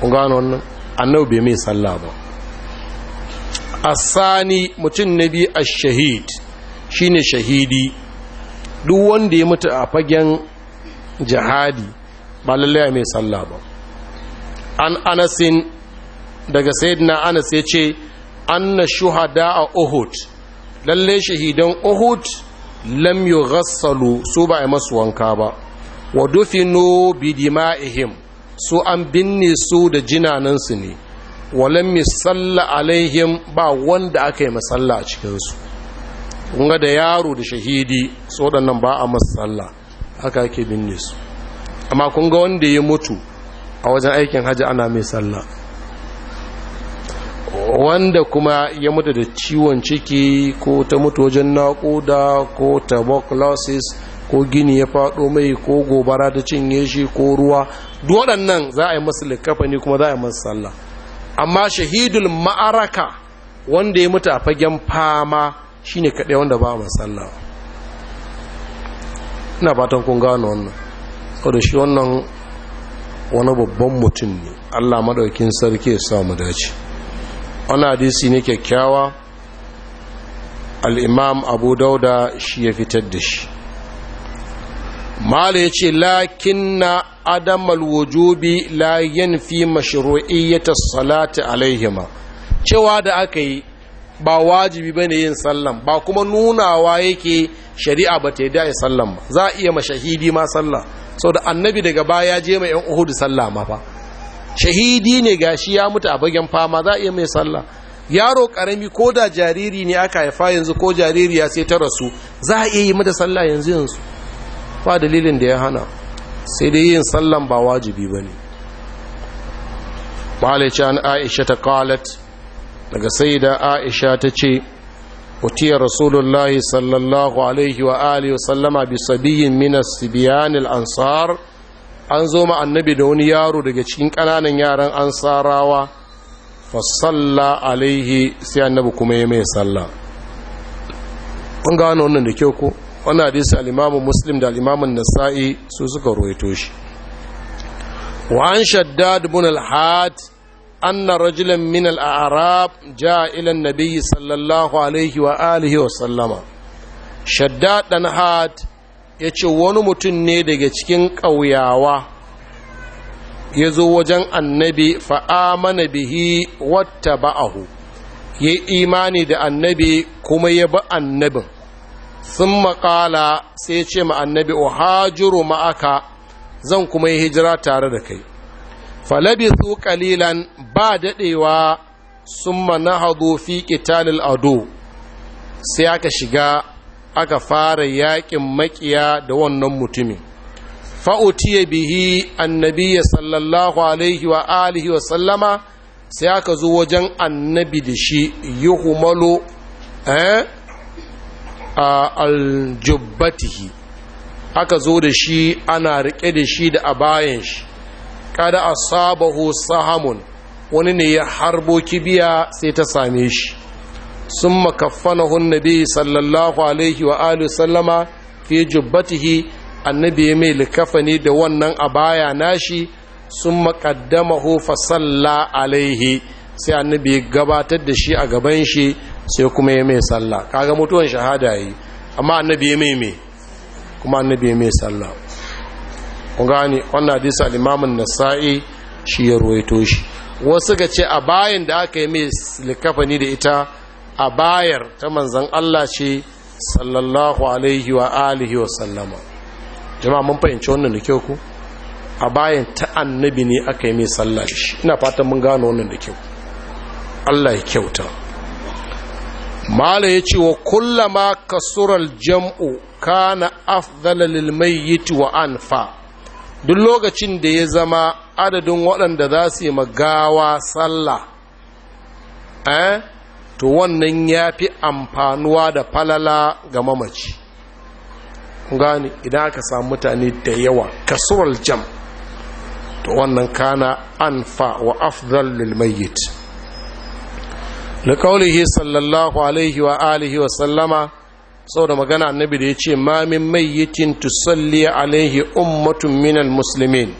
kun gano wannan annabi bai mai salla ba asani mutum na biyu a shahid shine shahidi duk wanda ya mutu a fagen jihadi ba lallaya mai sallah ba an anasin daga sayyidina anas ya ce anna shuhada a uhud lallai shahidan uhud lam rassalu su ba a masu wanka ba wa dufinu bi dima'ihim su an binne su da jinanansu ne walam misalla alaihim ba wanda aka yi masalla a cikinsu kunga da yaro da shahidi su waɗannan ba a masalla haka ake binne su amma kunga wanda ya mutu a wajen aikin hajji ana mai sallah wanda kuma ya mutu da ciwon ciki ko ta mutu wajen naƙuda ko tuberculosis ko gini ya faɗo mai ko gobara ta cinye shi ko ruwa duk waɗannan za a yi masu likafani kuma za a yi masu sallah amma shahidul ma'araka wanda ya mutu a fagen fama shine kaɗai wanda ba a sallah ina fatan kun gano wannan da shi wannan wani babban mutum ne allah maɗaukin sarki ya samu dace wani hadisi ne kyakkyawa al'imam abu dauda shi ya fitar da shi mala ya ce lakin na adamal wujubi la fi mashru'iyyata salati alaihima cewa da aka yi ba wajibi ba ne yin sallan ba kuma nunawa yake shari'a ba ta yi da sallan ba za a iya mashahidi ma sallah sau da annabi daga baya je mai yan uhudu sallah ma fa shahidi ne gashi ya mutu a bagen fama za a iya mai sallah yaro karami ko da jariri ne aka haifa yanzu ko jaririya sai ta rasu za a iya yi mata sallah yanzu yanzu ba dalilin da ya hana sai dai yin sallan ba wajibi ba ne malice an aisha ta kalat daga sai da aisha ta ce utiyar rasulullahi sallallahu alaihi wa alihi sallama bi sabiyin minas sibiyanil ansar an zo ma annabi da wani yaro daga cikin ƙananan yaran ansarawa salla alaihi sai annabi kuma ya mai salla kun gano wannan da kyau ko wannan hadisi al-imamu muslim da al-imamun nasa'i su suka ruwaito shi wa an shaddad ibn al-had anna rajulan min al-a'rab jaa ila an-nabi sallallahu alaihi wa alihi wa sallama shaddad dan had yace wani mutum ne daga cikin ƙauyawa ya zo wajen annabi fa'amana bihi wata ba'ahu ya imani da annabi kuma ya bi annabin sun maƙala sai ce ma annabi o hajjuru ma'aka zan kuma yi hijira tare da kai falabi su ƙalilan ba daɗewa sun mana hadu fi ƙitalil ado sai aka shiga aka fara yaƙin maƙiya da wannan mutumin fa'utiye bihi annabi ya sallallahu alaihi wa alihi wa sallama sai aka zo wajen annabi da shi yi humalo eh a aljubbatihi aka zo da shi ana riƙe da shi da bayan shi kada asabahu sahamun wani ne ya harbo kibiya sai ta same shi sun makaffanahun nabi sallallahu alaihi wa alihi sallama fi jubbatihi annabi ya mai ne, da wannan abaya nashi sun maƙaddamahu fasalla alaihi sai annabi ya gabatar da shi a gaban shi sai kuma ya mai sallah kaga mutuwan shahada yi amma annabi ya mai mai kuma annabi ya mai sallah kun gani wannan hadisi al na nasa'i shi ya ruwaito shi wasu ga ce a bayan da aka yi mai likafani da ita a bayar ta manzan Allah ce sallallahu alaihi wa alihi wa sallama jama'a mun fahimci wannan da kyau ku a bayan ta annabi ne aka yi mai sallah shi ina fatan mun gano wannan da kyau Allah ya kyauta mala ya ce wa kullama kasurar jam'u kana afdala lil wa anfa duk lokacin da ya zama adadin waɗanda za su yi magawa sallah eh to wannan ya fi amfanuwa da falala ga mamaci gani idan aka samu mutane da yawa kasuwar jam to wannan kana anfa wa afdal lil da kaulihi sallallahu alaihi wa alihi wa sallama da magana annabi da ya ce ma min mayyitin tusalli alaihi ummatun minal muslimin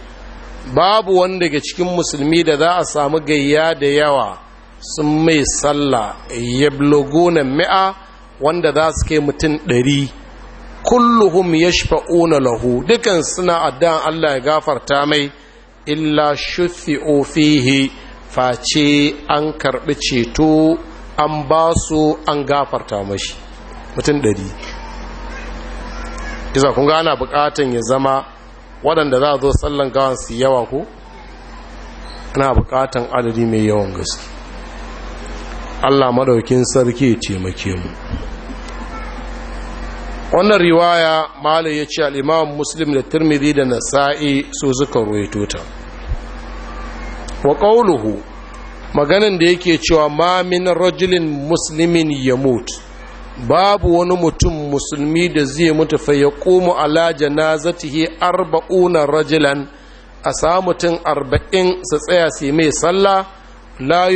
babu wanda daga cikin musulmi da za a samu gayya da yawa sun mai sallah yabloguna mi'a wanda za su kai mutum ɗari kulluhum yashfa'una lahu dukan suna addan Allah ya gafarta mai illa shuffi'u fihi face an karɓi ceto an ba su an gafarta mashi mutum ɗari isa kun ana buƙatan ya zama waɗanda za a zo sallan gawan su yawa ku ana buƙatan adadi mai yawan gaske allah maɗaukin sarki ya taimake mu wannan riwaya Malam ya ce al'imam muslim da turmiri da nasa'i su suka ruwaito ta wa ƙauluhu maganin da yake cewa mamin min rajulin musulmin ya mutu babu wani mutum musulmi da zai mutu fa ya ƙumu ala janazatihi arba'una rajulan a samutin arba'in su tsaya su mai sallah la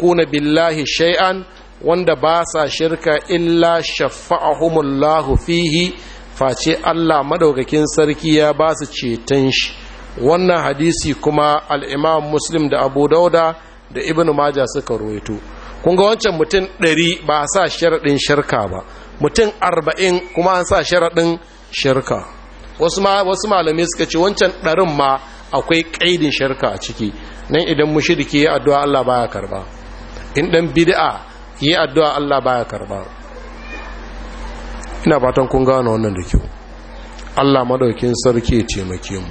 kuna billahi shai'an, wanda ba sa shirka illa shafa'ahumullahu fihi face Allah madaukakin sarki ya ba su ceton shi wannan hadisi kuma al'imam muslim da abu dauda da ibn maja suka ruwaito kun ga wancan mutum ɗari ba a sa sharaɗin shirka ba mutum arba'in kuma an sa sharaɗin shirka wasu malamai suka ce wancan ɗarin ma akwai ƙaidin shirka a ciki nan idan mu shirki ya addu'a Allah baya karba in dan bid'a ya addu'a Allah baya karba ina fatan kun gano wannan da kyau Allah madaukin sarki ya taimake mu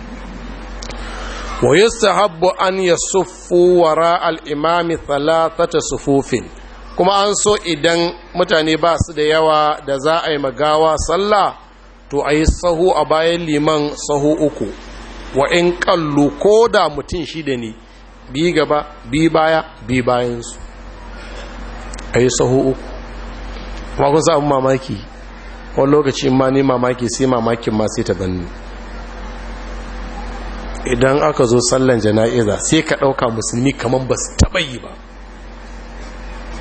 wa yustahabbu an yasuffu wara al-imami thalathata sufufin kuma an so idan mutane ba su da yawa da za a yi ma gawa sallah to a yi sahu a bayan liman sahu uku wa in kallo ko da mutum shida ne bi gaba bi baya bi bayansu a yi sahu uku makon sa'abin mamaki wani lokaci ma ne mamaki sai mamakin ma sai ta banni idan aka zo sallan jana'iza sai ka ɗauka musulmi kamar ba su taɓa yi ba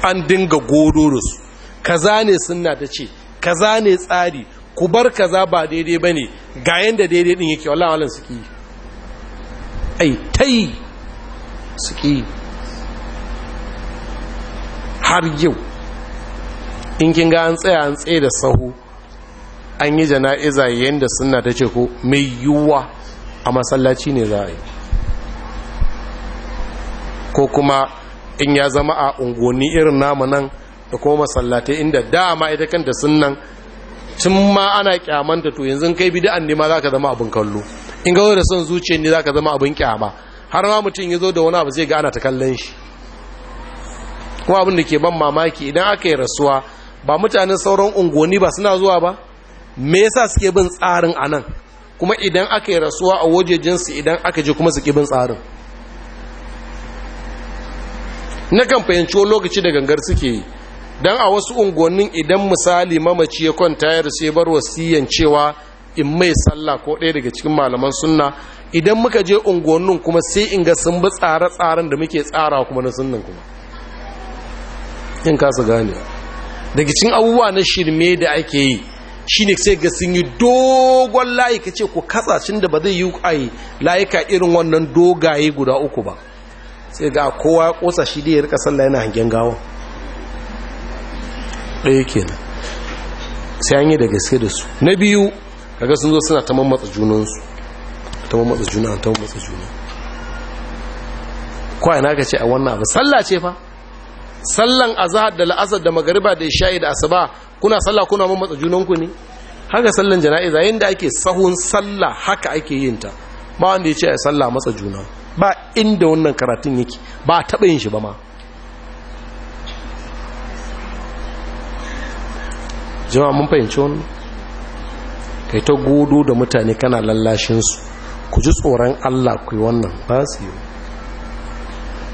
an dinga godo da su kaza ne sunna ta ce ka ne tsari ku bar kaza ba daidai ba ne ga yadda daidai ɗin yake wala walan suke yi ai ta yi suke yi har yau in kin ga an tsaya an tsaye da sahu an yi jana'iza yadda sunna ta ce ko mai yiwuwa a masallaci ne za a yi ko kuma in ya zama a unguwanni irin namu nan da kuma masallatai inda dama ita kanta nan, cin ma ana kyamanta to yanzu kai bid'an ne ma ka zama abin kallo in ga da son zuciya ne za ka zama abin kyama har ma mutum ya zo da wani abu zai gana ana ta kallon shi kuma abin da ke ban mamaki idan aka yi rasuwa ba mutanen sauran unguwanni ba suna zuwa ba me yasa suke bin tsarin anan kuma idan aka yi rasuwa a wajejinsu idan aka je kuma su kibin tsarin na kan fahimci wani lokaci da gangar suke yi don a wasu unguwannin idan misali mamaci ya kwanta ya rasu ya bar wasiyan cewa in mai sallah ko ɗaya daga cikin malaman sunna idan muka je unguwannin kuma sai in ga sun bi tsare-tsaren da muke tsara kuma na sunnan kuma in kasa gane daga cikin abubuwa na shirme da ake yi shine sai ga sun yi dogon layi ka ce ku katsashin da ba zai yi ai layuka irin wannan dogaye guda uku ba sai ga kowa kosa shi da ya rika sallah yana hangen gawa ɗaya nan sai an yi da gaske da su na biyu kaga sun zo suna ta matsa junansu ta matsa juna a ta matsa juna kwaya na ka ce a wannan abu sallah ce fa sallan azahar da la'asar da magariba da isha'i da asuba kuna sallah kuna mamatsa junanku ne haka sallan jana'iza yadda ake sahun sallah haka ake yin ta ba wanda ya ce a sallah matsa juna ba inda wannan karatun yake ba a taɓa yin shi ba ma jama'a mun fahimci wani kai ta godo da mutane kana lallashinsu ku ji tsoron allah ku yi wannan ba su yi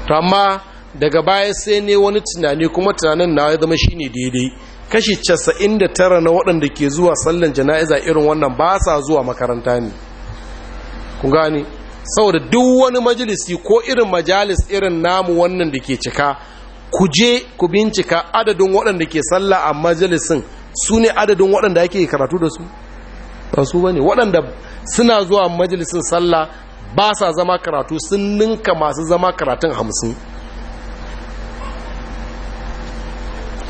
to amma daga baya sai ne wani tunani kuma tunanin na ya zama shi ne daidai kashi 99 na waɗanda ke zuwa sallan jana'iza irin wannan ba sa zuwa makaranta ne ku gani saboda duk wani majalisi ko irin majalis irin namu wannan da ke cika ku je ku bincika adadin waɗanda ke salla a majalisin su ne adadin waɗanda ake karatu da su ba su ba ne waɗanda suna zuwa majalisin sallah ba sa zama karatu sun ninka masu zama karatun hamsin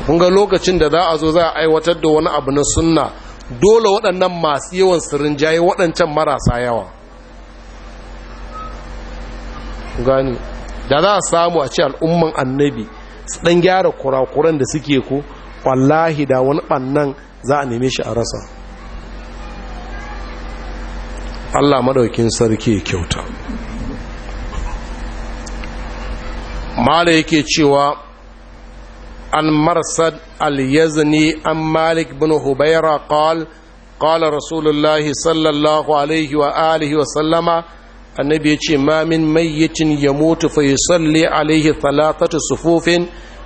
kun ga lokacin da za a zo za a aiwatar da wani abu na sunna dole waɗannan masu yawan sirrin jaye waɗancan marasa yawa gani da za a samu a ce al'umman annabi su ɗan gyara kurakuran da suke ku wallahi da wani ɓannan za a neme shi a rasa allah maɗaukin sarki kyauta mala yake cewa عن مرصد اليزني عن مالك بن هبيرة قال قال رسول الله صلى الله عليه وآله وسلم النبي ما من ميت يموت فيصلي عليه ثلاثة صفوف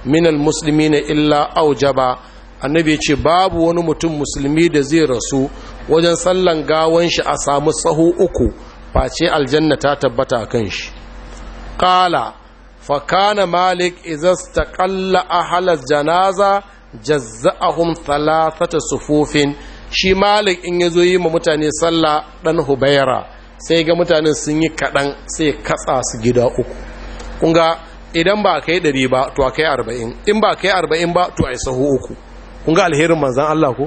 من المسلمين إلا أوجبا annabi ya ce babu wani mutum musulmi da zai rasu wajen sallan gawan shi a samu sahu uku face aljanna ta tabbata kan shi ƙala fakana malik إذا استقل a الجنازة janaza ثلاثة صفوف شي shi malik in ممتاني zo yi ma mutane sallah ɗan hubaira sai ga mutanen sun yi kaɗan sai katsa su gida uku kunga idan ba ka yi ba to a kai arba'in in ba ka yi arba'in ba to a yi saho uku kunga alherin manzan Allah ko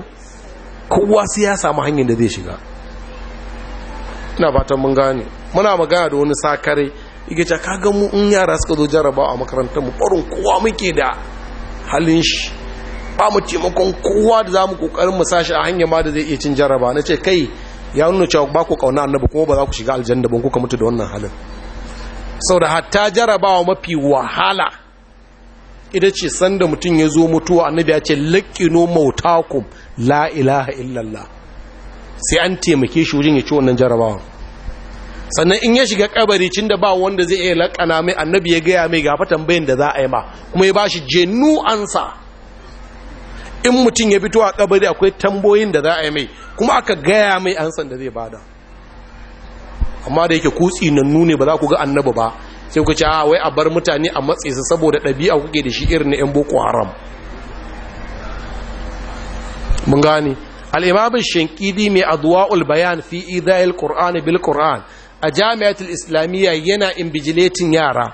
kowa sai ya samu hanyar da zai shiga ina fatan mun gane muna magana da wani sakare yake ta kaga mu in yara suka zo jaraba a makarantar mu barin kowa muke da halin shi ba mu taimakon kowa da zamu kokarin mu sashi a hanyar ma da zai iya cin jaraba na ce kai ya nuna cewa ba ku kauna annabi kuma ba za ku shiga aljanna ba kuka mutu da wannan halin sau da hatta jarabawa mafi wahala ita ce sanda mutum ya zo mutuwa annabi ya ce lakino mautakum la ilaha illallah sai an taimake shi wajen ya ci wannan jarrabawa. sannan in ya shiga kabari cinda ba wanda zai iya lakana mai annabi ya gaya mai gafa tambayin da za a yi ma kuma ya bashi jenu ansa in mutum ya fito a kabari akwai tamboyin da za a yi mai kuma aka gaya mai ansan da zai bada amma da yake kutsi na nune ba za ku ga annabi ba sai ku ce a ah, wai a bar mutane a matse su saboda ɗabi'a kuke da shi irin na yan boko haram mun gane al-imam shankidi mai adwa'ul bayan fi idail qur'ani bil qur'an a jami'atul islamiyya yana invigilating yara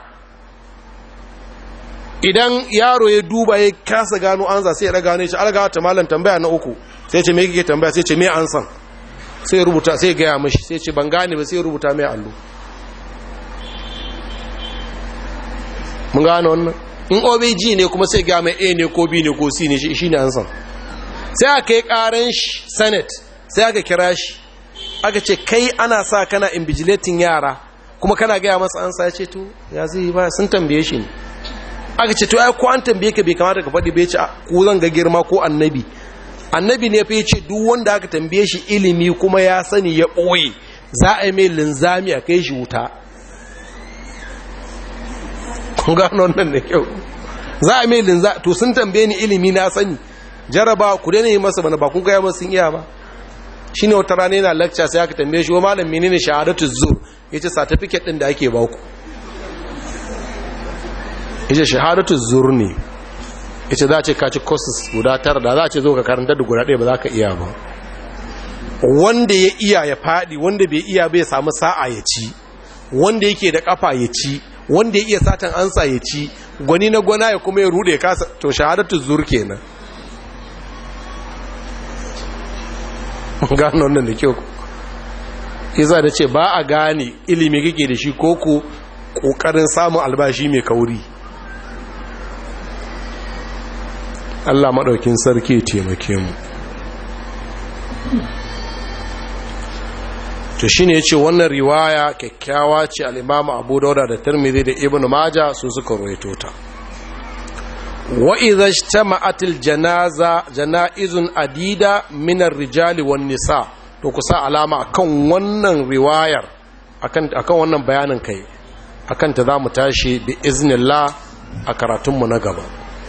idan yaro ya duba ya kasa gano ansa sai ya daga ne shi alga ta malam tambaya na uku sai ce me kike tambaya sai ce me an san sai rubuta sai gaya mashi sai ce ban gane ba sai rubuta mai allo mun gane wannan in obg ne kuma sai gaya mai a ne ko b ne ko c ne shi ne an san sai aka yi karan senate sai aka kira shi aka ce kai ana sa kana invigilating yara kuma kana gaya masa an sa ce to ya zai ba sun tambaye shi ne aka ce to ya ko an tambaye ka bai kamata ka faɗi bai ce ko zan ga girma ko annabi annabi ne fi ce duk wanda aka tambaye shi ilimi kuma ya sani ya ɓoye za a yi mai linzami a kai shi wuta kun gano nan da kyau za a mai linza to sun tambaye ni ilimi na sani jaraba ku daina yi masa bana ba kun gaya masu iya ba shine wata rana yana lecture sai aka tambaye shi wa malam menene shahadatu zur yace certificate din da ake ba ku yace shahadatu zur ne yace za a ce ka ci courses guda tara da za a ce zo ka karanta da guda ɗaya ba za ka iya ba wanda ya iya ya faɗi wanda bai iya bai samu sa'a ya ci wanda yake da kafa ya ci wanda ya iya satan ansa ya ci gwani na gwana ya kuma ya rude kasa to shahadatu zur kenan gano wannan da kyau za da ce ba a gane ilimi kake da shi ko ku kokarin samun albashi mai kauri Allah maɗaukin sarki taimake mu to shine ce wannan riwaya kyakkyawa ce alimamu Abu dauda da Tirmidhi da Ibn Majah su suka rawaito ta wa idza ijtama'at janaza janaizun adida min ar-rijali wan nisa to ku sa alama akan wannan riwayar akan akan wannan bayanin kai akan ta zamu tashi bi iznillah a karatun na gaba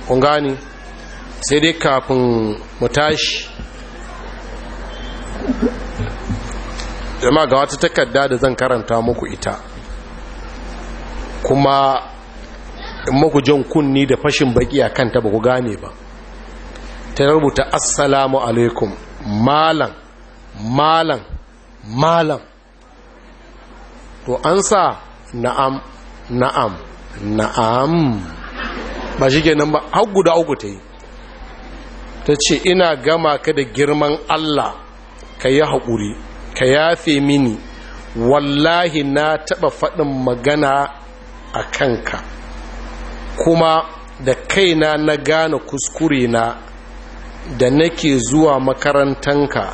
kun gani sai dai kafin mu tashi jama'a ga wata takarda da zan karanta muku ita kuma in maku jan kunni da fashin baki a kanta ba ku gane ba ta rubuta assalamu alaikum malam malam malam to an sa na'am na'am na'am ba shi kenan ba har guda uku ta yi ta ce ina gama ka da girman Allah ka yi haƙuri ka yafe mini wallahi na taɓa faɗin magana a kanka kuma da kaina na gane kuskure na da nake zuwa makarantanka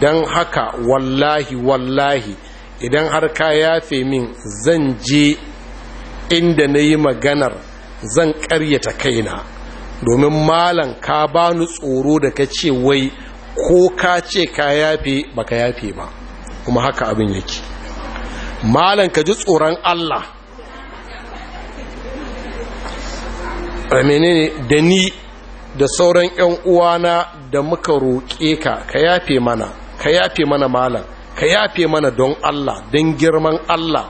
don haka wallahi wallahi idan har ka yafe min zan je inda na yi maganar zan karyata kaina domin malam ka bani tsoro da ka ce wai ko ka ce ka yafe baka yafe ba kuma haka abin yake malam ka ji tsoron allah menene da ni da sauran 'yan uwana da muka roƙe ka ka yafe mana ka yafe mana malam ka yafe mana don Allah don girman Allah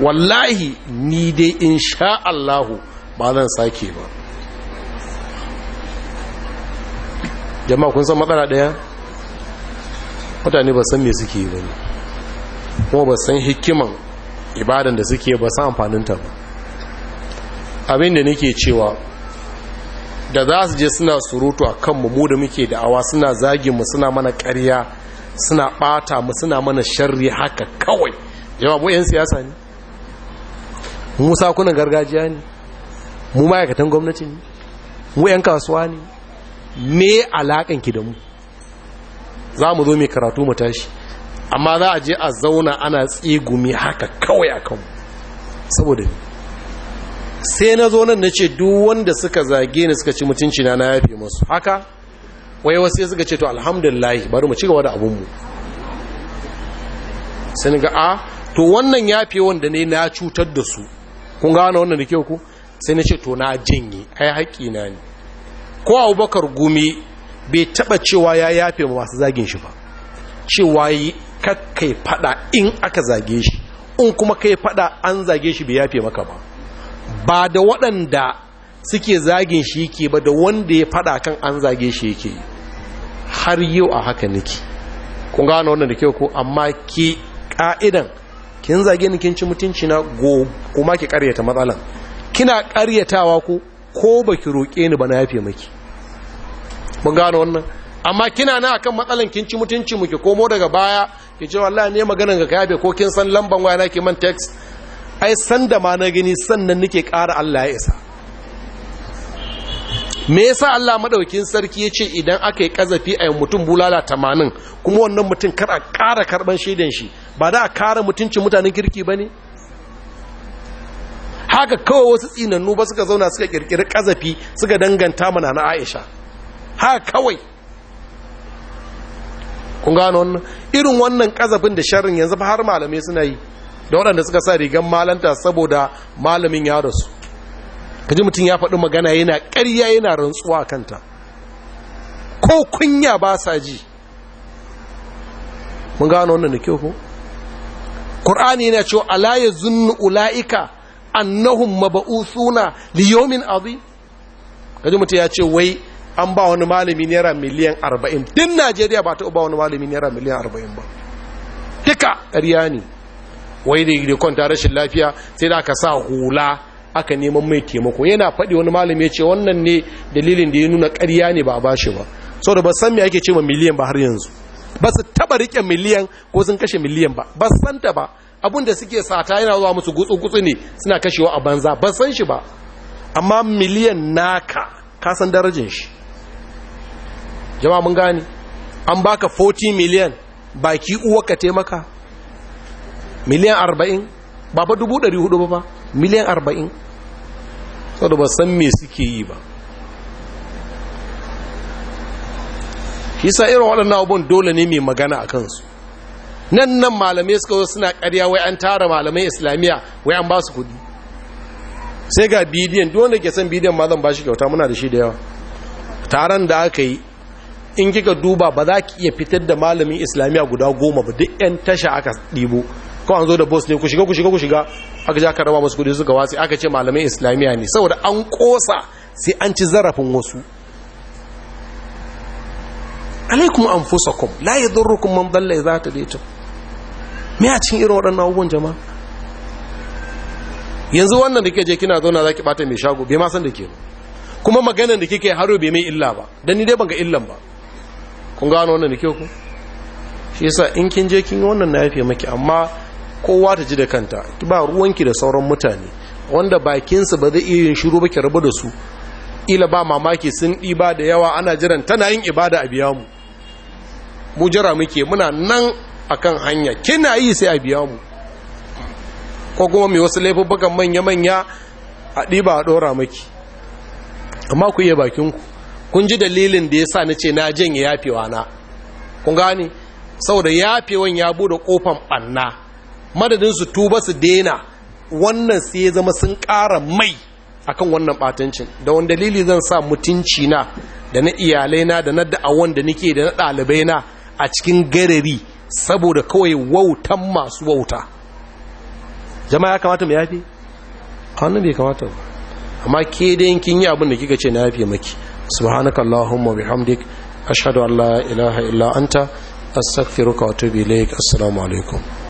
wallahi ni dai in sha Allahu ba zan sake ba jama'a kun san matsala ɗaya mutane ba san me suke yi ba kuma ba san hikiman ibadan da suke ba san amfanin ta ba abin da nake cewa da za su je suna surutu a kanmu mu da muke da'awa suna zagi mu suna mana ƙarya suna ɓata mu suna mana sharri haka kawai yawa bu 'yan siyasa ne mu sakunan gargajiya ne mu ma'aikatan gwamnati ne mu 'yan kasuwa ne me alaƙanki da mu za mu zo mai karatu mu tashi amma za a je a zauna ana tsigumi haka kawai a kanmu saboda ne sai na zo nan na ce duk wanda suka zage ni suka ci mutunci na na yafe masu haka wai wasu suka ce to alhamdulillah bari mu ci gaba da abunmu sai ga a to wannan yafe wanda ne na cutar da su kun gano wannan da kyau ku sai na ce to na janye ai haƙi na ne ko abubakar gumi bai taɓa cewa ya yafe ma masu zagin shi ba cewa yi kakkai fada in aka zage shi in kuma kai fada an zage shi bai yafe maka ba ba da waɗanda suke zagin shi ke ba da wanda ya fada kan an zage shi yake har yau a haka niki kun gano wannan da kyau ko amma ki ka'idan kin zage ni kin ci mutunci na go kuma ki ƙaryata matsalan kina ƙaryatawa ko ko baki roƙe ni ba na yafe miki mun gano wannan amma kina na akan matsalan kin ci mutunci muke komo daga baya ki ce wallahi ne maganan ga yafe ko kin san lamban waya na ki man text ai sanda ma na gani sannan nake ƙara Allah ya isa me yasa Allah madaukin sarki ya ce idan aka yi kazafi a mutum bulala tamanin kuma wannan mutum kar a ƙara karɓar shaidan shi ba da a kare mutuncin mutanen kirki ba ne haka kawai wasu tsinannu ba suka zauna suka ƙirƙiri kazafi suka danganta mana na aisha haka kawai kun gano wannan irin wannan kazafin da sharrin yanzu har malamai suna yi da waɗanda suka sa rigar malanta saboda malamin ya rasu kaji mutum ya faɗi magana yana ƙarya yana rantsuwa kanta ko kunya ba sa ji mun gano wannan da kyau ko ƙur'ani yana cewa ala zunnu ula'ika maba'u maba'usuna liyomin azim kaji mutum ya ce wai an ba wani malami naira miliyan arba'in din najeriya ba ta ba wani malami naira miliyan arba'in ba duka ƙarya ne wai da ya kwanta rashin lafiya sai da aka sa hula aka neman mai taimako yana faɗi wani malami ya ce wannan ne dalilin da ya nuna karya ne ba a bashi ba sau da ba san me ake ce ma miliyan ba har yanzu ba su taɓa riƙe miliyan ko sun kashe miliyan ba ba san ta ba abin da suke sata yana zuwa musu gutsu-gutsu ne suna kashewa a banza ba san shi ba amma miliyan naka ka san darajin shi jama'a mun gane an baka 40 miliyan baki uwa ka taimaka miliyan arba'in ba ba dubu ɗari hudu ba ba miliyan arba'in saboda ba san me suke yi ba sa irin waɗannan abubuwan dole ne mai magana a kansu nan nan malamai suka zo suna karya wai an tara malamai islamiyya wai an ba su kudi sai ga bidiyan duk wanda ke son bidiyan ma zan ba shi kyauta muna da shi da yawa taron da aka yi in kika duba ba za ki iya fitar da malamin islamiyya guda goma ba duk 'yan tasha aka ɗibo ko an zo da bus ne ku shiga ku shiga ku shiga aka ja aka raba musu kudi suka wasi aka ce malamai islamiyya ne saboda an kosa sai an ci zarafin wasu alaikum anfusakum la yadurrukum man dalla idza tadaytum me a cikin irin waɗannan abubuwan jama'a yanzu wannan da kike je kina zauna zaki bata mai shago bai ma san da ke kuma maganar da kike haro bai mai illa ba dan ni dai ban ga illan ba kun gano wannan da ke ku shi yasa in kin je kin yi wannan na yafe maki amma kowa ta ji da kanta ba ruwanki da sauran mutane wanda bakinsa ba zai iya yin shiru ba ki rabu da su ila ba mamaki sun ɗi ba da yawa ana jiran tana yin ibada a biya mu mu jira muke muna nan akan hanya kina yi sai a biya mu ko kuma mai wasu laifin bakan manya-manya a ɗiba a ɗora maki amma ku iya bakinku kun ji dalilin da ya sa na ce na janye yafewa na kun gane sau da yafewan ya bude ƙofan ɓanna madadin su tuba su dena wannan sai ya zama sun ƙara mai akan wannan batancin da wani dalili zan sa mutunci na da na iyalaina da na da'awan da nake da na ɗalibaina a cikin garari saboda kawai wautan masu wauta jama'a ya kamata mu yafi hannun bai kamata amma ke da yankin yi abin da kika ce na yafi maki subhanakallahumma bihamdik ashhadu an la ilaha illa anta astaghfiruka wa atubu ilaik